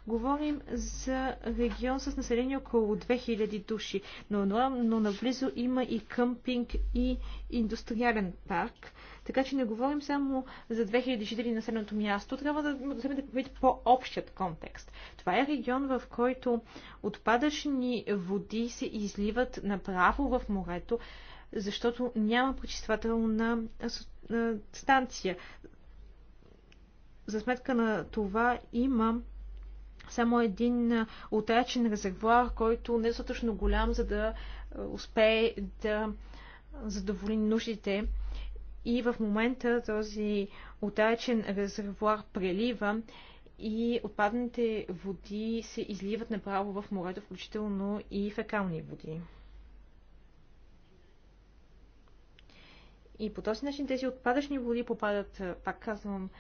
Говорим за регион с население около 2000 души, но, но, но наблизо има и къмпинг и индустриален парк. Така че не говорим само за 2000 жители на населеното място, трябва да вземем да предвид по-общият контекст. Това е регион, в който отпадъчни води се изливат направо в морето, защото няма пречиствателна станция за сметка на това има само един отречен резервуар, който не е достатъчно голям, за да успее да задоволи нуждите. И в момента този отречен резервуар прелива и отпадните води се изливат направо в морето, включително и фекални води. И по този начин тези отпадъчни води попадат, пак казвам,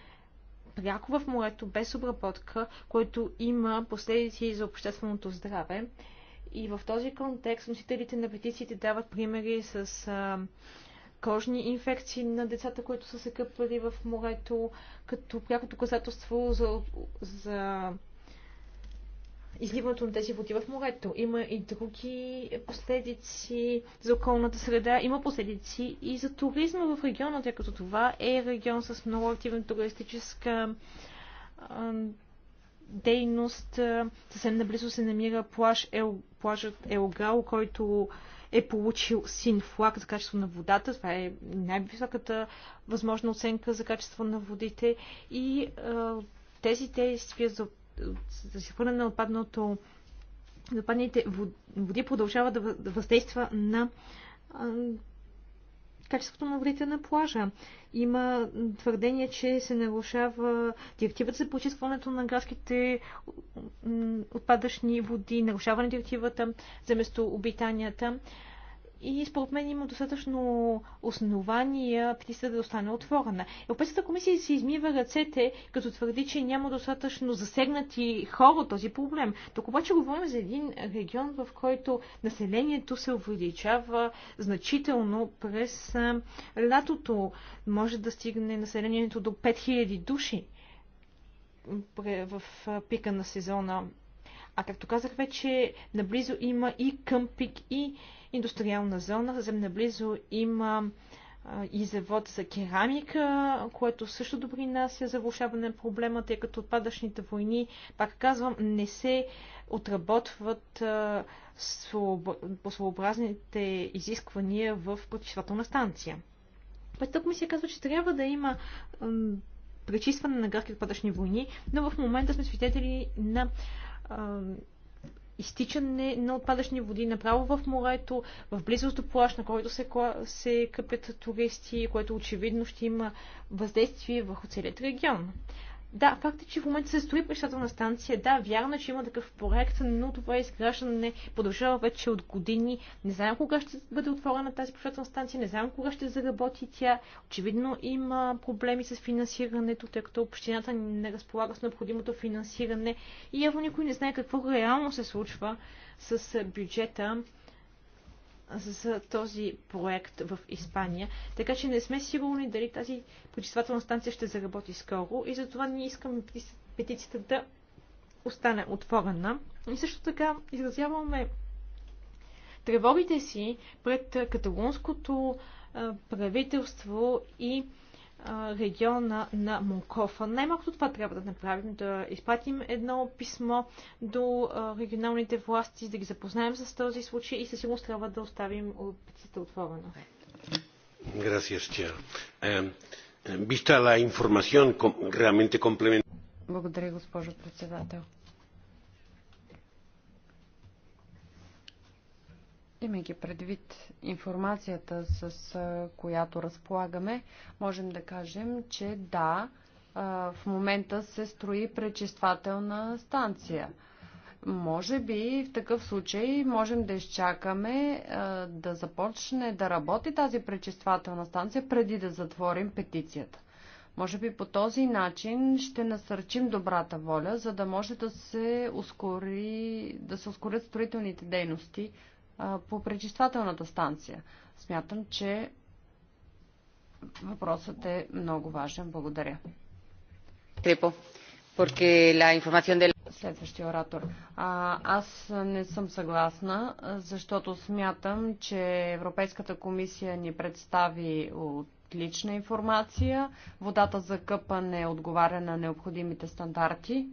пряко в морето, без обработка, което има последици за общественото здраве. И в този контекст носителите на петициите дават примери с а, кожни инфекции на децата, които са се къпали в морето, като пряко доказателство за, за изливането на тези води в морето. Има и други последици за околната среда, има последици и за туризма в региона, тъй като това е регион с много активна туристическа дейност. Съвсем наблизо се намира плаж Ел, плажът Елгал, който е получил син флаг за качество на водата. Това е най-високата възможна оценка за качество на водите. И а, тези действия за да се хвърля на отпадното отпадните води продължава да въздейства на качеството на водите на плажа. Има твърдение, че се нарушава директивата за почистването на градските отпадъчни води, нарушаване на директивата за местообитанията и според мен има достатъчно основания петицията да остане отворена. Европейската комисия се измива ръцете, като твърди, че няма достатъчно засегнати хора от този проблем. Тук обаче говорим за един регион, в който населението се увеличава значително през лятото. Може да стигне населението до 5000 души в пика на сезона. А както казах вече, наблизо има и къмпик, и индустриална зона. Съвсем наблизо има и завод за керамика, което също допринася за влушаване на проблема, тъй като отпадъчните войни, пак казвам, не се отработват по своеобразните изисквания в прочиствателна станция. ми се казва, че трябва да има пречистване на градски отпадъчни войни, но в момента сме свидетели на изтичане на отпадъчни води направо в морето, в близост до плащ, на който се, се къпят туристи, което очевидно ще има въздействие върху целият регион. Да, факт е, че в момента се строи пречиствателна станция. Да, вярно, е, че има такъв проект, но това изграждане продължава вече от години. Не знам кога ще бъде отворена тази пречиствателна станция, не знам кога ще заработи тя. Очевидно има проблеми с финансирането, тъй като общината не разполага с необходимото финансиране и явно никой не знае какво реално се случва с бюджета за този проект в Испания, така че не сме сигурни дали тази почиствателна станция ще заработи скоро и затова ние искаме петицията да остане отворена. И също така изразяваме тревогите си пред каталунското правителство и региона на Монкофа. Най-малкото това трябва да направим, да изпратим едно писмо до регионалните власти, да ги запознаем с този случай и със сигурност трябва да оставим петицията отворена. Е, е, Благодаря, госпожо председател. Имайки предвид информацията, с която разполагаме, можем да кажем, че да, в момента се строи пречиствателна станция. Може би в такъв случай можем да изчакаме да започне да работи тази пречиствателна станция преди да затворим петицията. Може би по този начин ще насърчим добрата воля, за да може да се, ускори, да се ускорят строителните дейности по пречиствателната станция. Смятам, че въпросът е много важен. Благодаря. Трипо. Следващия оратор. А, аз не съм съгласна, защото смятам, че Европейската комисия ни представи отлична информация. Водата за къпане отговаря на необходимите стандарти.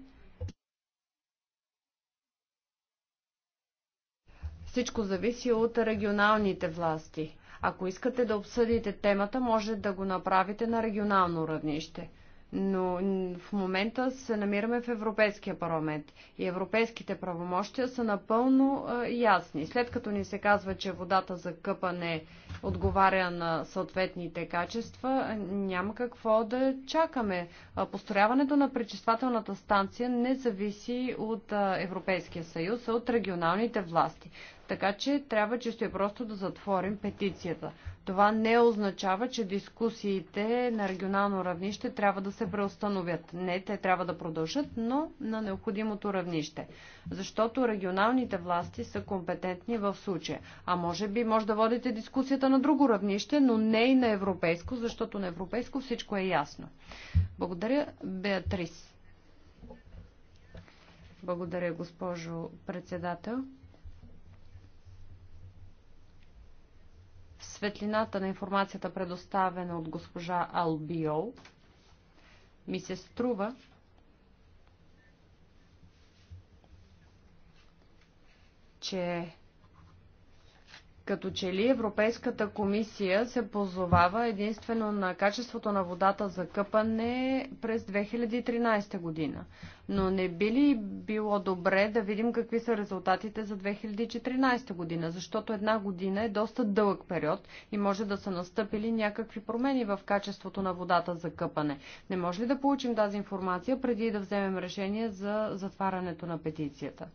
Всичко зависи от регионалните власти. Ако искате да обсъдите темата, може да го направите на регионално равнище. Но в момента се намираме в Европейския парламент и европейските правомощия са напълно е, ясни. След като ни се казва, че водата за къпане отговаря на съответните качества, няма какво да чакаме. Построяването на пречиствателната станция не зависи от Европейския съюз, а от регионалните власти. Така че трябва чисто и просто да затворим петицията. Това не означава, че дискусиите на регионално равнище трябва да се преустановят. Не, те трябва да продължат, но на необходимото равнище. Защото регионалните власти са компетентни в случая. А може би може да водите дискусията на друго равнище, но не и на европейско, защото на европейско всичко е ясно. Благодаря, Беатрис. Благодаря, госпожо председател. В светлината на информацията, предоставена от госпожа Албио, ми се струва, че като че ли Европейската комисия се позовава единствено на качеството на водата за къпане през 2013 година. Но не би ли било добре да видим какви са резултатите за 2014 година? Защото една година е доста дълъг период и може да са настъпили някакви промени в качеството на водата за къпане. Не може ли да получим тази информация преди да вземем решение за затварянето на петицията?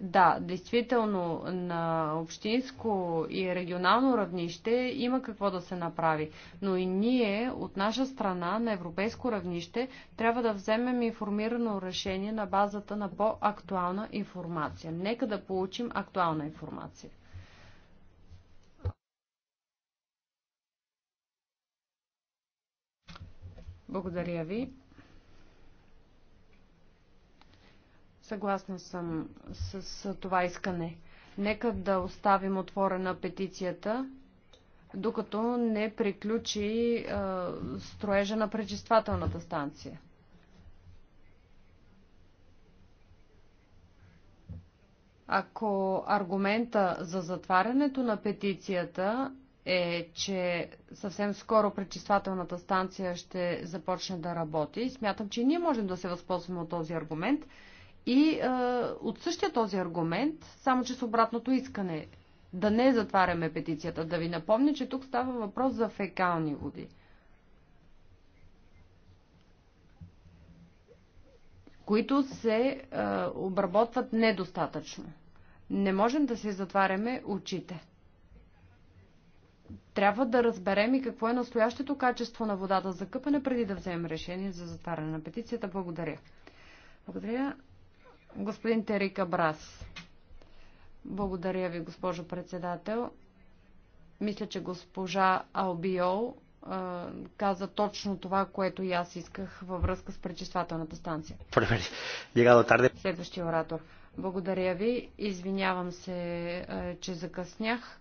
Да, действително на общинско и регионално равнище има какво да се направи, но и ние от наша страна на европейско равнище трябва да вземем информирано решение на базата на по-актуална информация. Нека да получим актуална информация. Благодаря ви. Съгласна съм с това искане. Нека да оставим отворена петицията, докато не приключи е, строежа на пречиствателната станция. Ако аргумента за затварянето на петицията е, че съвсем скоро пречиствателната станция ще започне да работи, смятам, че ние можем да се възползваме от този аргумент и е, от същия този аргумент, само че с обратното искане, да не затваряме петицията, да ви напомня, че тук става въпрос за фекални води. които се е, обработват недостатъчно. Не можем да се затваряме очите. Трябва да разберем и какво е настоящето качество на водата за къпане, преди да вземем решение за затваряне на петицията. Благодаря. Благодаря. Господин Терика Брас. Благодаря ви, госпожо председател. Мисля, че госпожа Албиол каза точно това, което и аз исках във връзка с пречиствателната станция. Следващия оратор. Благодаря ви. Извинявам се, че закъснях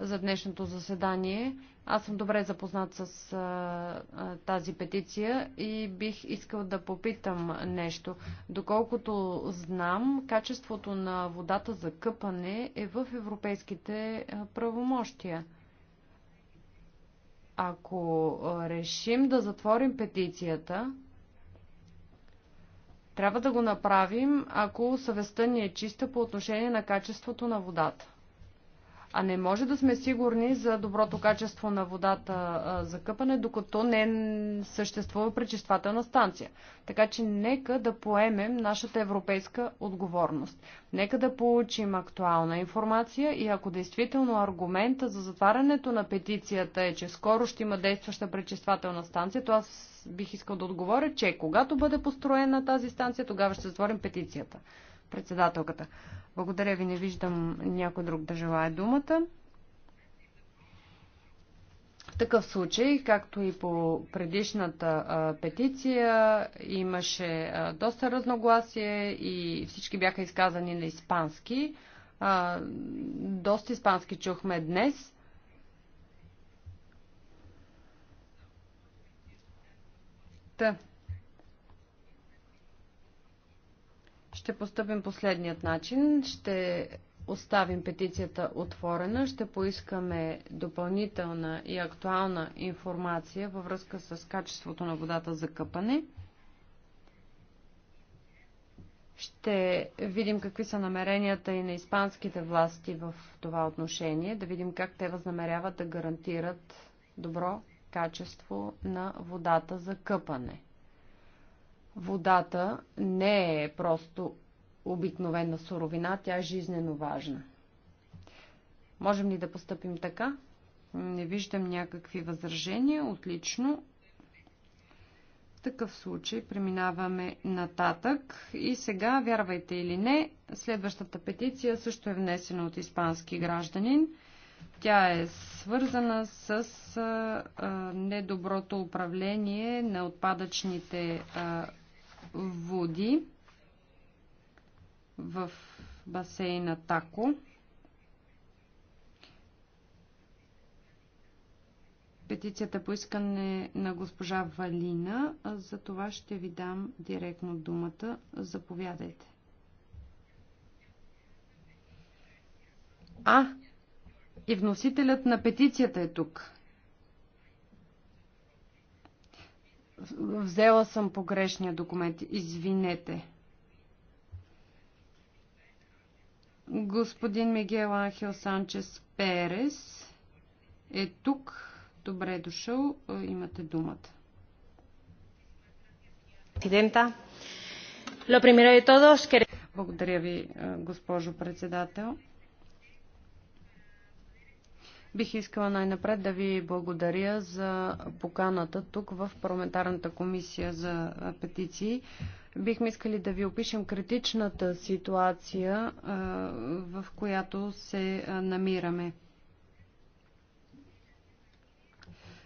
за днешното заседание. Аз съм добре запознат с а, а, тази петиция и бих искал да попитам нещо. Доколкото знам, качеството на водата за къпане е в европейските правомощия. Ако решим да затворим петицията, трябва да го направим, ако съвестта ни е чиста по отношение на качеството на водата. А не може да сме сигурни за доброто качество на водата за къпане, докато не съществува пречиствателна станция. Така че нека да поемем нашата европейска отговорност. Нека да получим актуална информация и ако действително аргумента за затварянето на петицията е, че скоро ще има действаща пречиствателна станция, то аз бих искал да отговоря, че когато бъде построена тази станция, тогава ще затворим петицията. Председателката. Благодаря ви, не виждам някой друг да желая думата. В такъв случай, както и по предишната а, петиция, имаше а, доста разногласие и всички бяха изказани на испански. А, доста испански чухме днес. Та. Да. ще поступим последният начин. Ще оставим петицията отворена, ще поискаме допълнителна и актуална информация във връзка с качеството на водата за къпане. Ще видим какви са намеренията и на испанските власти в това отношение, да видим как те възнамеряват да гарантират добро качество на водата за къпане. Водата не е просто обикновена суровина, тя е жизнено важна. Можем ли да постъпим така? Не виждам някакви възражения. Отлично. В такъв случай преминаваме нататък. И сега, вярвайте или не, следващата петиция също е внесена от испански гражданин. Тя е свързана с а, недоброто управление на отпадъчните а, води в басейна Тако. Петицията по искане на госпожа Валина, за това ще ви дам директно думата. Заповядайте. А, и вносителят на петицията е тук. Взела съм погрешния документ. Извинете. Господин Мигел Анхел Санчес Перес е тук. Добре е дошъл. Е, имате думата. Благодаря ви, е, госпожо председател. Бих искала най-напред да ви благодаря за поканата тук в парламентарната комисия за петиции. Бихме искали да ви опишем критичната ситуация, в която се намираме.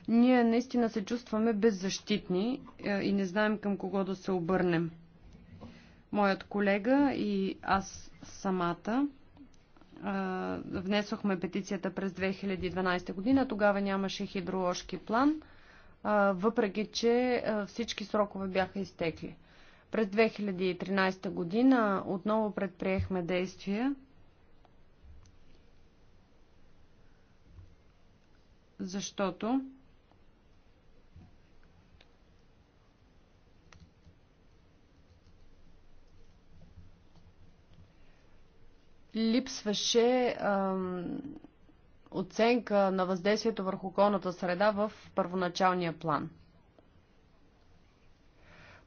Ние наистина се чувстваме беззащитни и не знаем към кого да се обърнем. Моят колега и аз самата внесохме петицията през 2012 година. Тогава нямаше хидроложки план, въпреки че всички срокове бяха изтекли. През 2013 година отново предприехме действия, защото липсваше ам, оценка на въздействието върху околната среда в първоначалния план.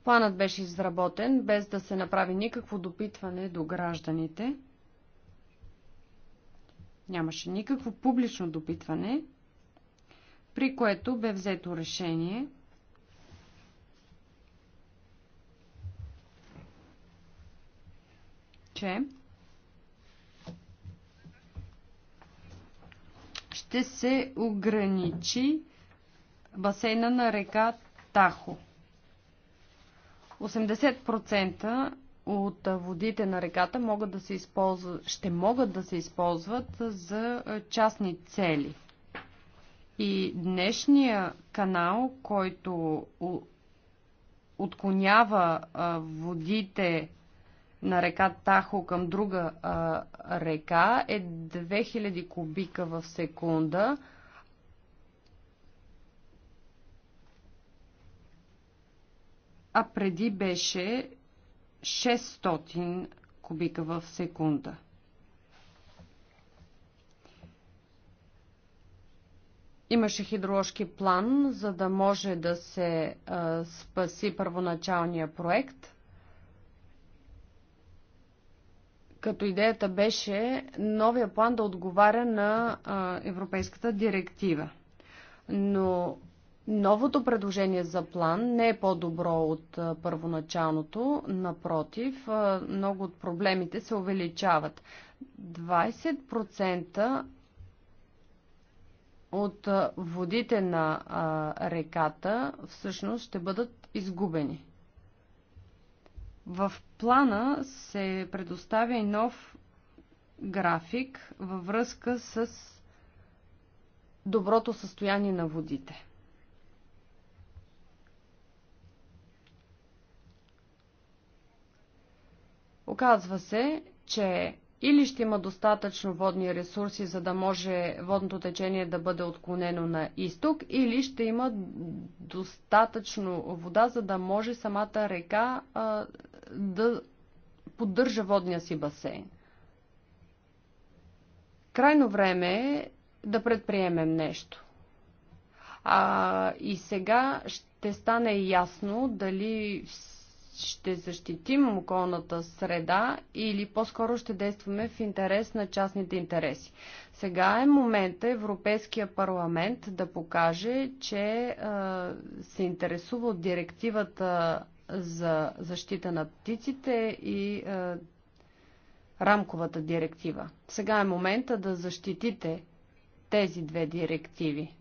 Планът беше изработен без да се направи никакво допитване до гражданите. Нямаше никакво публично допитване, при което бе взето решение че ще се ограничи басейна на река Тахо. 80% от водите на реката могат да се използват, ще могат да се използват за частни цели. И днешния канал, който отклонява водите на река Тахо към друга а, река е 2000 кубика в секунда. А преди беше 600 кубика в секунда. Имаше хидроложки план, за да може да се а, спаси първоначалния проект – като идеята беше новия план да отговаря на Европейската директива. Но новото предложение за план не е по-добро от първоначалното, напротив, много от проблемите се увеличават. 20% от водите на реката всъщност ще бъдат изгубени. В плана се предоставя и нов график във връзка с доброто състояние на водите. Оказва се, че или ще има достатъчно водни ресурси, за да може водното течение да бъде отклонено на изток, или ще има достатъчно вода, за да може самата река а, да поддържа водния си басейн. Крайно време е да предприемем нещо. А, и сега ще стане ясно дали ще защитим околната среда или по-скоро ще действаме в интерес на частните интереси. Сега е момента Европейския парламент да покаже, че а, се интересува от директивата за защита на птиците и е, рамковата директива. Сега е момента да защитите тези две директиви.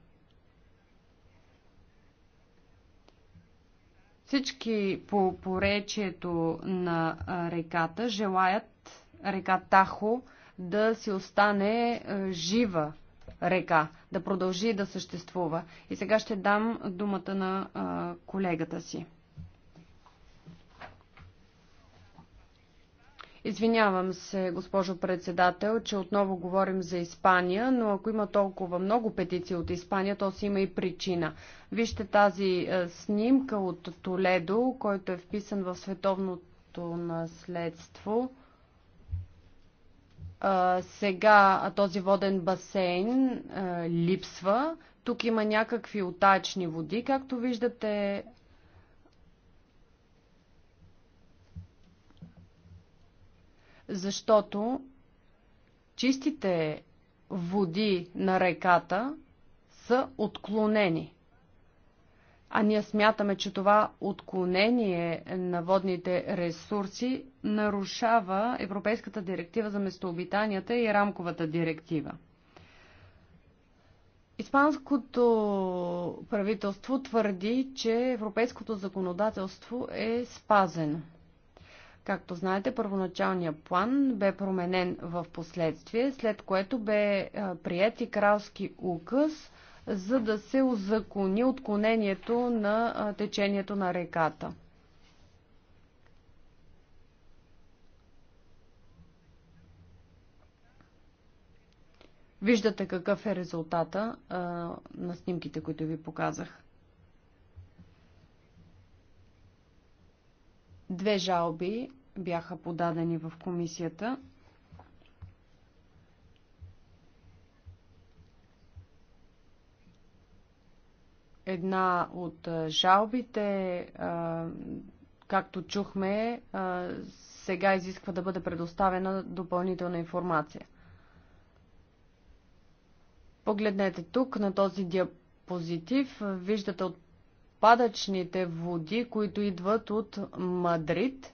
Всички по поречието на е, реката желаят река Тахо да си остане е, жива река, да продължи да съществува. И сега ще дам думата на е, колегата си. Извинявам се, госпожо председател, че отново говорим за Испания, но ако има толкова много петиции от Испания, то си има и причина. Вижте тази е, снимка от Толедо, който е вписан в световното наследство. Е, сега този воден басейн е, липсва. Тук има някакви отачни води. Както виждате, защото чистите води на реката са отклонени. А ние смятаме, че това отклонение на водните ресурси нарушава Европейската директива за местообитанията и рамковата директива. Испанското правителство твърди, че европейското законодателство е спазено. Както знаете, първоначалният план бе променен в последствие, след което бе прият и кралски указ, за да се озакони отклонението на течението на реката. Виждате какъв е резултата а, на снимките, които ви показах. Две жалби бяха подадени в комисията. Една от жалбите, както чухме, сега изисква да бъде предоставена допълнителна информация. Погледнете тук на този диапозитив. Виждате от отпадъчните води, които идват от Мадрид.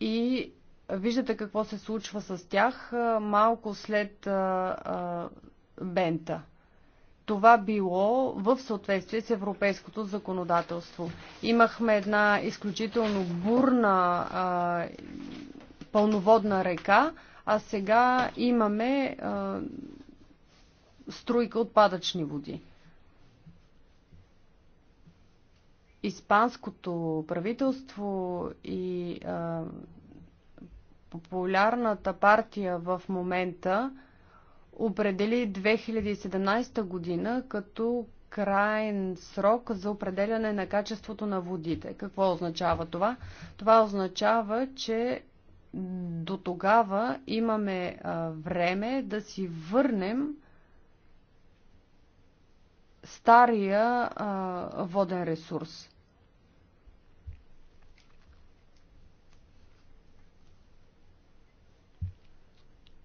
И виждате какво се случва с тях малко след а, а, бента. Това било в съответствие с европейското законодателство. Имахме една изключително бурна а, пълноводна река, а сега имаме а, струйка отпадъчни води. Испанското правителство и а, популярната партия в момента определи 2017 година като крайен срок за определяне на качеството на водите. Какво означава това? Това означава, че до тогава имаме а, време да си върнем стария а, воден ресурс.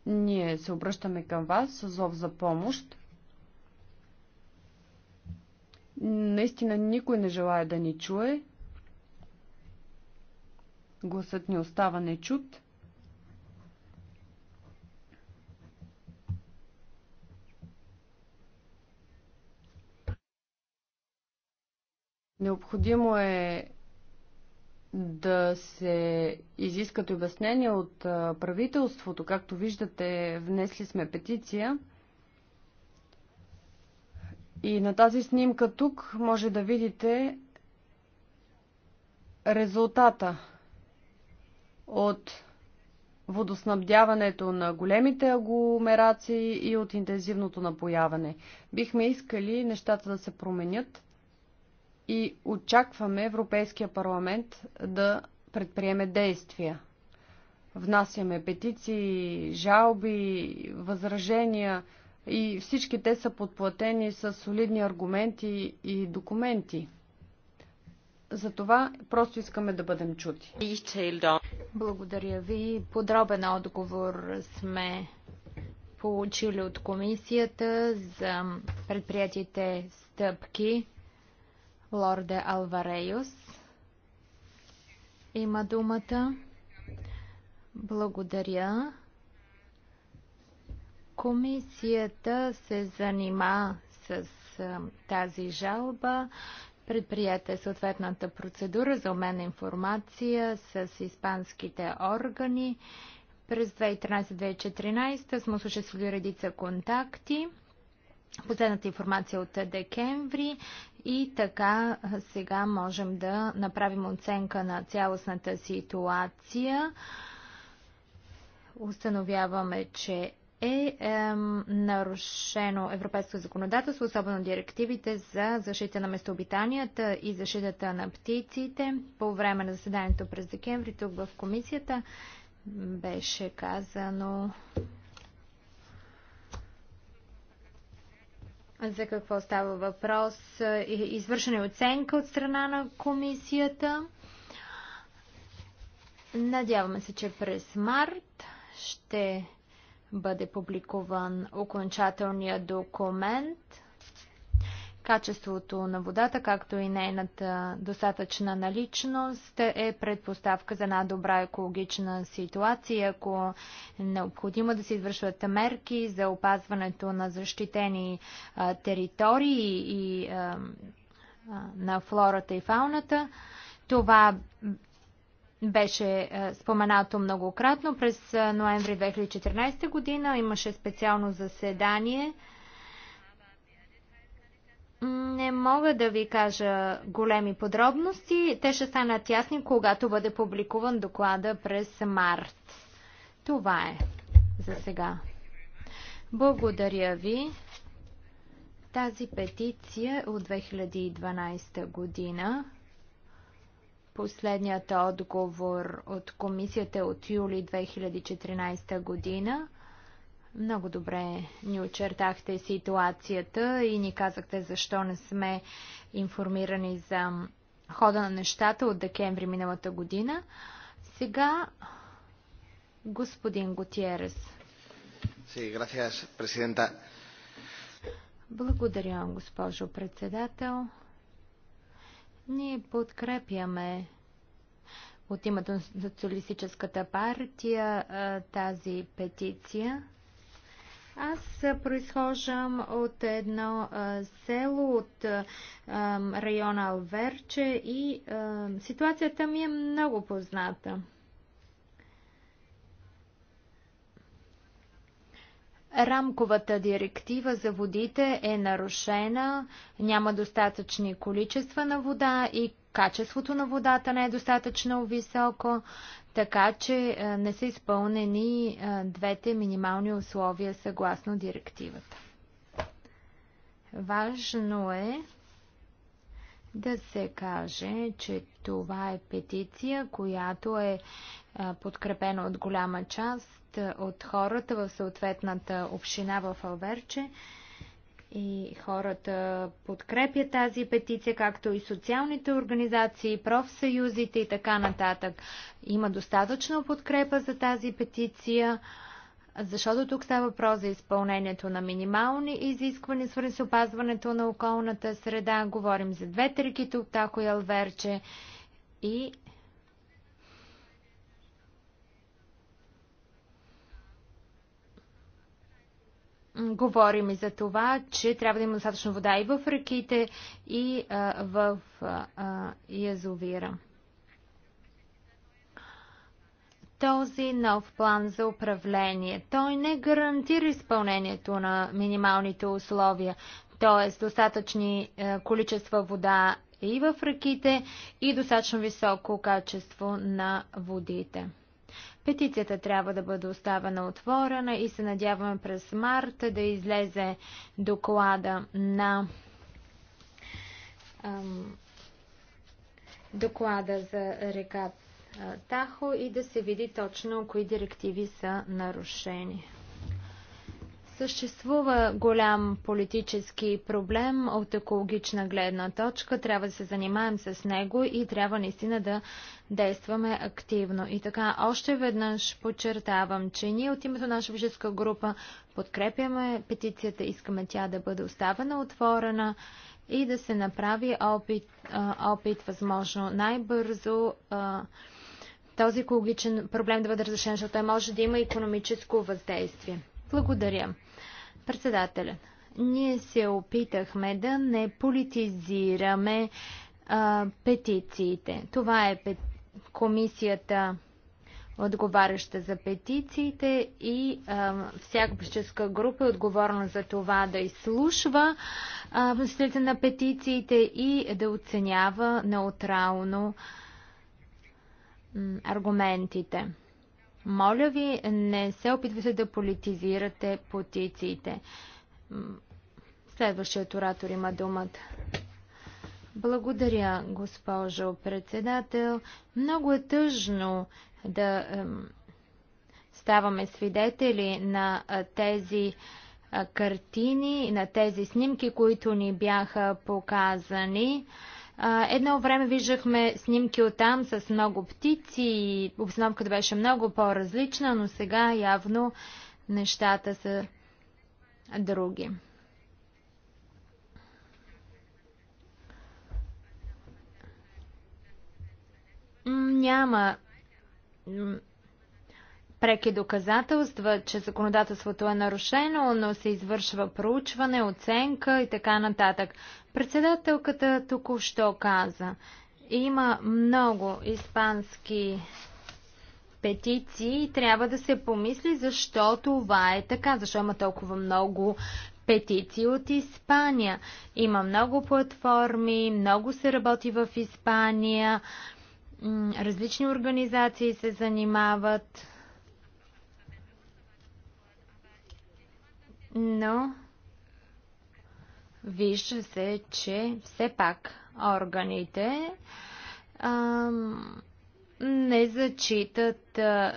Ние се обръщаме към вас с зов за помощ. Наистина никой не желая да ни чуе. Гласът ни остава нечут. чут. Необходимо е да се изискат обяснения от правителството. Както виждате, внесли сме петиция. И на тази снимка тук може да видите резултата от водоснабдяването на големите агломерации и от интензивното напояване. Бихме искали нещата да се променят и очакваме Европейския парламент да предприеме действия. Внасяме петиции, жалби, възражения и всички те са подплатени с солидни аргументи и документи. Затова просто искаме да бъдем чути. Благодаря ви. Подробен отговор сме получили от комисията за предприятите стъпки. Лорде Алвареюс има думата. Благодаря. Комисията се занима с тази жалба. Предприята е съответната процедура за обмен информация с испанските органи. През 2013-2014 сме осъществили редица контакти последната информация от декември и така сега можем да направим оценка на цялостната ситуация. Установяваме, че е, е нарушено европейско законодателство, особено директивите за защита на местообитанията и защитата на птиците. По време на заседанието през декември тук в комисията беше казано за какво става въпрос. Е, извършена е оценка от страна на комисията. Надяваме се, че през март ще бъде публикуван окончателният документ. Качеството на водата, както и нейната достатъчна наличност е предпоставка за една добра екологична ситуация. Ако е необходимо да се извършват мерки за опазването на защитени а, територии и а, на флората и фауната, това беше споменато многократно. През ноември 2014 година имаше специално заседание не мога да ви кажа големи подробности. Те ще станат ясни, когато бъде публикуван доклада през март. Това е за сега. Благодаря ви. Тази петиция от 2012 година. Последният отговор от комисията от юли 2014 година. Много добре ни очертахте ситуацията и ни казахте защо не сме информирани за хода на нещата от декември миналата година. Сега господин Готиерес. Sí, gracias, Благодаря, госпожо председател. Ние подкрепяме от името на социалистическата партия тази петиция. Аз произхождам от едно а, село от а, района Алверче и а, ситуацията ми е много позната. Рамковата директива за водите е нарушена, няма достатъчни количества на вода и качеството на водата не е достатъчно високо така че е, не са изпълнени е, двете минимални условия съгласно директивата. Важно е да се каже, че това е петиция, която е, е подкрепена от голяма част от хората в съответната община в Алверче и хората подкрепят тази петиция, както и социалните организации, профсъюзите и така нататък. Има достатъчно подкрепа за тази петиция, защото тук става въпрос за изпълнението на минимални изисквания, свързани с опазването на околната среда. Говорим за двете реки тако и Алверче и Говорим и за това, че трябва да има достатъчно вода и в реките, и а, в а, язовира. Този нов план за управление, той не гарантира изпълнението на минималните условия, т.е. достатъчни количества вода и в реките, и достатъчно високо качество на водите. Петицията трябва да бъде оставена отворена и се надяваме през март да излезе доклада на ам, доклада за река Тахо и да се види точно кои директиви са нарушени. Съществува голям политически проблем от екологична гледна точка. Трябва да се занимаем с него и трябва наистина да действаме активно. И така, още веднъж подчертавам, че ние от името на наша вижеска група подкрепяме петицията, искаме тя да бъде оставена отворена и да се направи опит, опит възможно най-бързо този екологичен проблем да бъде разрешен, защото той може да има економическо въздействие. Благодаря. Председателя, ние се опитахме да не политизираме а, петициите. Това е пет... комисията отговаряща за петициите и а, всяка политическа група е отговорна за това да изслушва вносителите на петициите и да оценява неутрално аргументите. Моля ви, не се опитвайте да политизирате потициите. Следващият оратор има думата. Благодаря, госпожо председател. Много е тъжно да ем, ставаме свидетели на тези картини, на тези снимки, които ни бяха показани. Е, Едно време виждахме снимки от там с много птици и обстановката беше много по-различна, но сега явно нещата са други. Няма преки доказателства, че законодателството е нарушено, но се извършва проучване, оценка и така нататък. Председателката току-що каза, има много испански петиции и трябва да се помисли защо това е така, защо има толкова много петиции от Испания. Има много платформи, много се работи в Испания, различни организации се занимават но вижда се, че все пак органите ам, не зачитат а,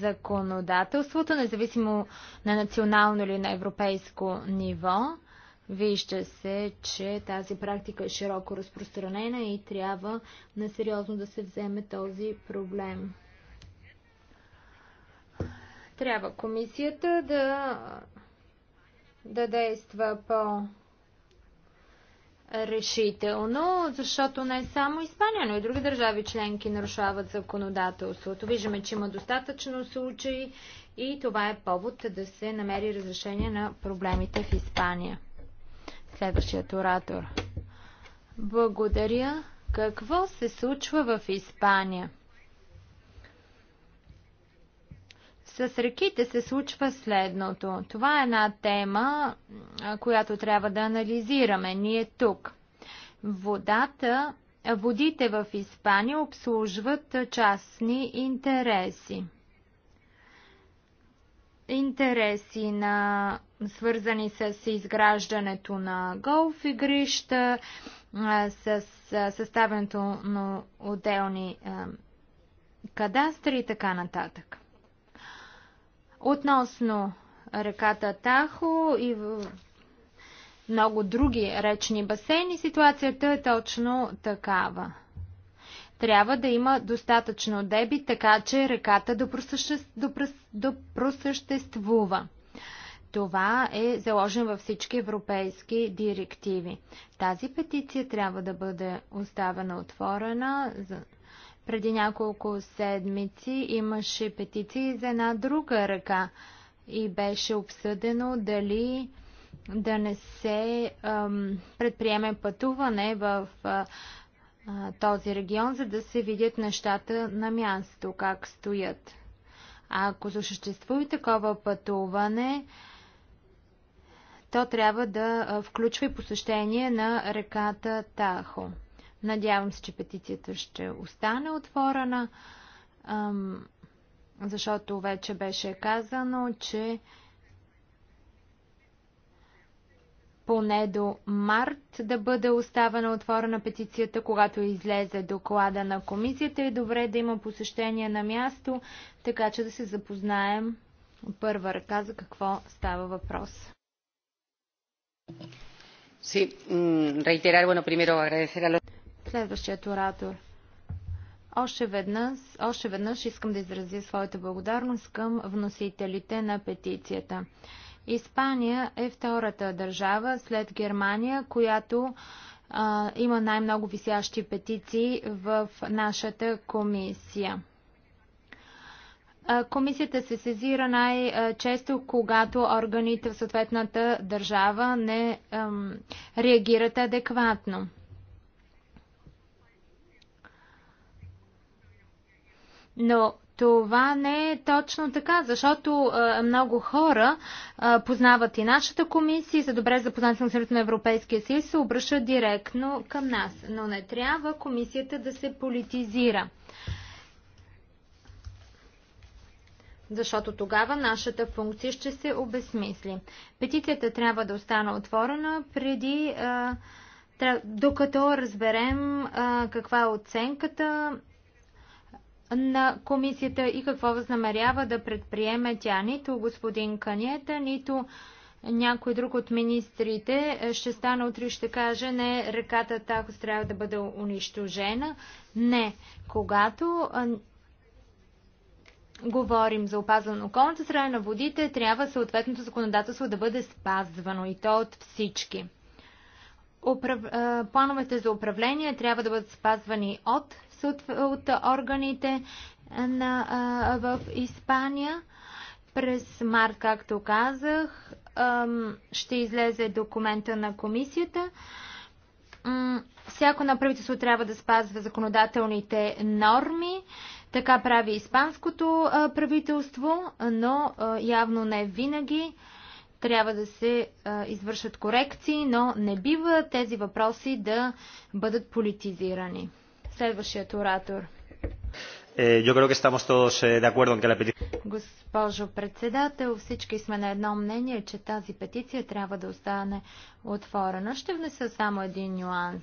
законодателството, независимо на национално или на европейско ниво. Вижда се, че тази практика е широко разпространена и трябва насериозно да се вземе този проблем. Трябва комисията да да действа по решително, защото не само Испания, но и други държави членки нарушават законодателството. Виждаме, че има достатъчно случаи и това е повод да се намери разрешение на проблемите в Испания. Следващият оратор. Благодаря. Какво се случва в Испания? С реките се случва следното. Това е една тема, която трябва да анализираме ние тук. Водата, водите в Испания обслужват частни интереси. Интереси на свързани с изграждането на голф игрища, с съставянето на отделни кадастри и така нататък. Относно реката Тахо и много други речни басейни, ситуацията е точно такава. Трябва да има достатъчно деби, така че реката да, да просъществува. Това е заложено във всички европейски директиви. Тази петиция трябва да бъде оставена отворена. За преди няколко седмици имаше петиции за една друга ръка и беше обсъдено дали да не се ам, предприеме пътуване в а, този регион, за да се видят нещата на място, как стоят. А ако съществува такова пътуване, то трябва да включва и посещение на реката Тахо. Надявам се, че петицията ще остане отворена, защото вече беше казано, че поне до март да бъде оставена отворена петицията, когато излезе доклада на комисията. Е добре да има посещение на място, така че да се запознаем първа ръка за какво става въпрос. Sí, reiterar, bueno, primero agradecer a los... Следващият оратор. Още веднъж, още веднъж искам да изразя своята благодарност към вносителите на петицията. Испания е втората държава след Германия, която а, има най-много висящи петиции в нашата комисия. Комисията се сезира най-често, когато органите в съответната държава не ем, реагират адекватно. Но това не е точно така, защото а, много хора а, познават и нашата комисия, са добре запознати с населението на Европейския съюз, се обръщат директно към нас. Но не трябва комисията да се политизира. Защото тогава нашата функция ще се обесмисли. Петицията трябва да остане отворена преди. А, докато разберем а, каква е оценката на комисията и какво възнамерява да предприеме тя. Нито господин Канета, нито някой друг от министрите ще стане утре и ще каже не, реката Тахос трябва да бъде унищожена. Не, когато говорим за опазване на околната среда на водите, трябва съответното законодателство да бъде спазвано и то от всички. Управ... Плановете за управление трябва да бъдат спазвани от от, от органите на, а, в Испания. През март, както казах, ще излезе документа на комисията. Всяко на правителство трябва да спазва законодателните норми. Така прави испанското правителство, но явно не винаги трябва да се извършат корекции, но не бива тези въпроси да бъдат политизирани. Следващият оратор. Е, Госпожо председател, всички сме на едно мнение, че тази петиция трябва да остане отворена. Ще внеса само един нюанс.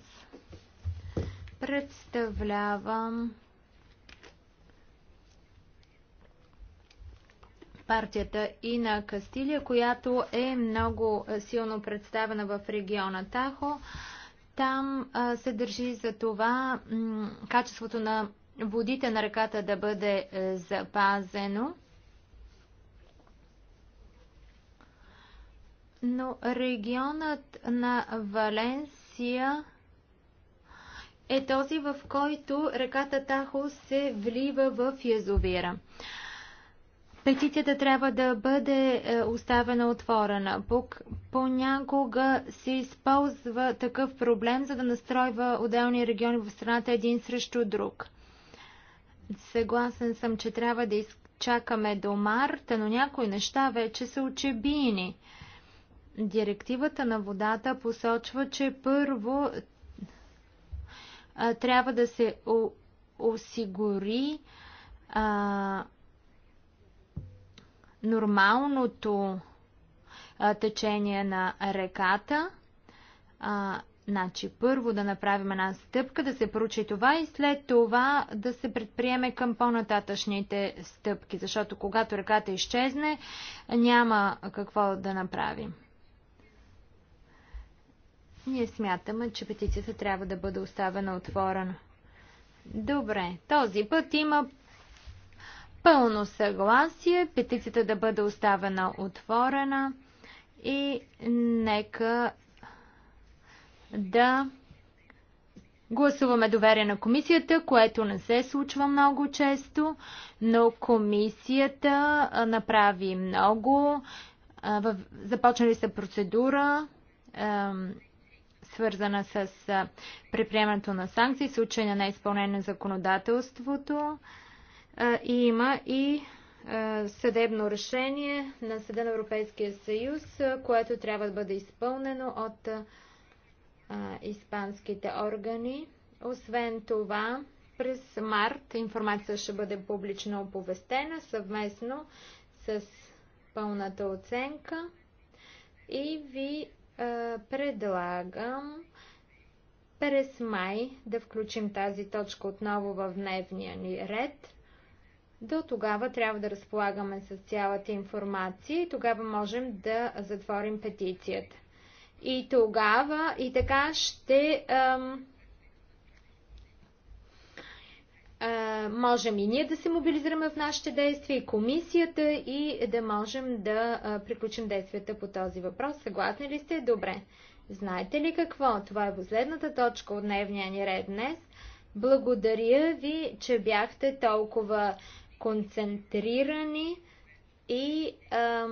Представлявам партията и на Кастилия, която е много силно представена в региона Тахо. Там а, се държи за това качеството на водите на ръката да бъде е, запазено. Но регионът на Валенсия е този, в който реката Тахо се влива в язовира. Петицията трябва да бъде е, оставена отворена. Понякога се използва такъв проблем, за да настройва отделни региони в страната един срещу друг. Съгласен съм, че трябва да изчакаме до марта, но някои неща вече са очебини. Директивата на водата посочва, че първо трябва да се осигури а, нормалното а, течение на реката. А, значи, първо да направим една стъпка, да се проучи това и след това да се предприеме към по-нататъчните стъпки, защото когато реката изчезне, няма какво да направим. Ние смятаме, че петицията трябва да бъде оставена отворена. Добре, този път има пълно съгласие петицията да бъде оставена отворена и нека да гласуваме доверие на комисията, което не се случва много често, но комисията направи много. Започнали са процедура, свързана с предприемането на санкции, случай на неизпълнение на законодателството. И има и съдебно решение на Съда на Европейския съюз, което трябва да бъде изпълнено от испанските органи. Освен това, през март информация ще бъде публично оповестена съвместно с пълната оценка и ви предлагам през май да включим тази точка отново в дневния ни ред. До тогава трябва да разполагаме с цялата информация и тогава можем да затворим петицията. И тогава и така ще ам, а, можем и ние да се мобилизираме в нашите действия, и комисията, и да можем да а, приключим действията по този въпрос. Съгласни ли сте? Добре. Знаете ли какво? Това е последната точка от дневния ни ред днес. Благодаря ви, че бяхте толкова концентрирани и а,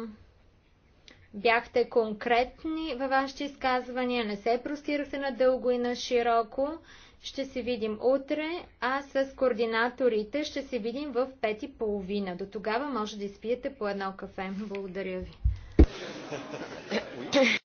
бяхте конкретни във вашите изказвания, не се простирахте на дълго и на широко. Ще се видим утре, а с координаторите ще се видим в пет и половина. До тогава може да изпиете по едно кафе. Благодаря ви.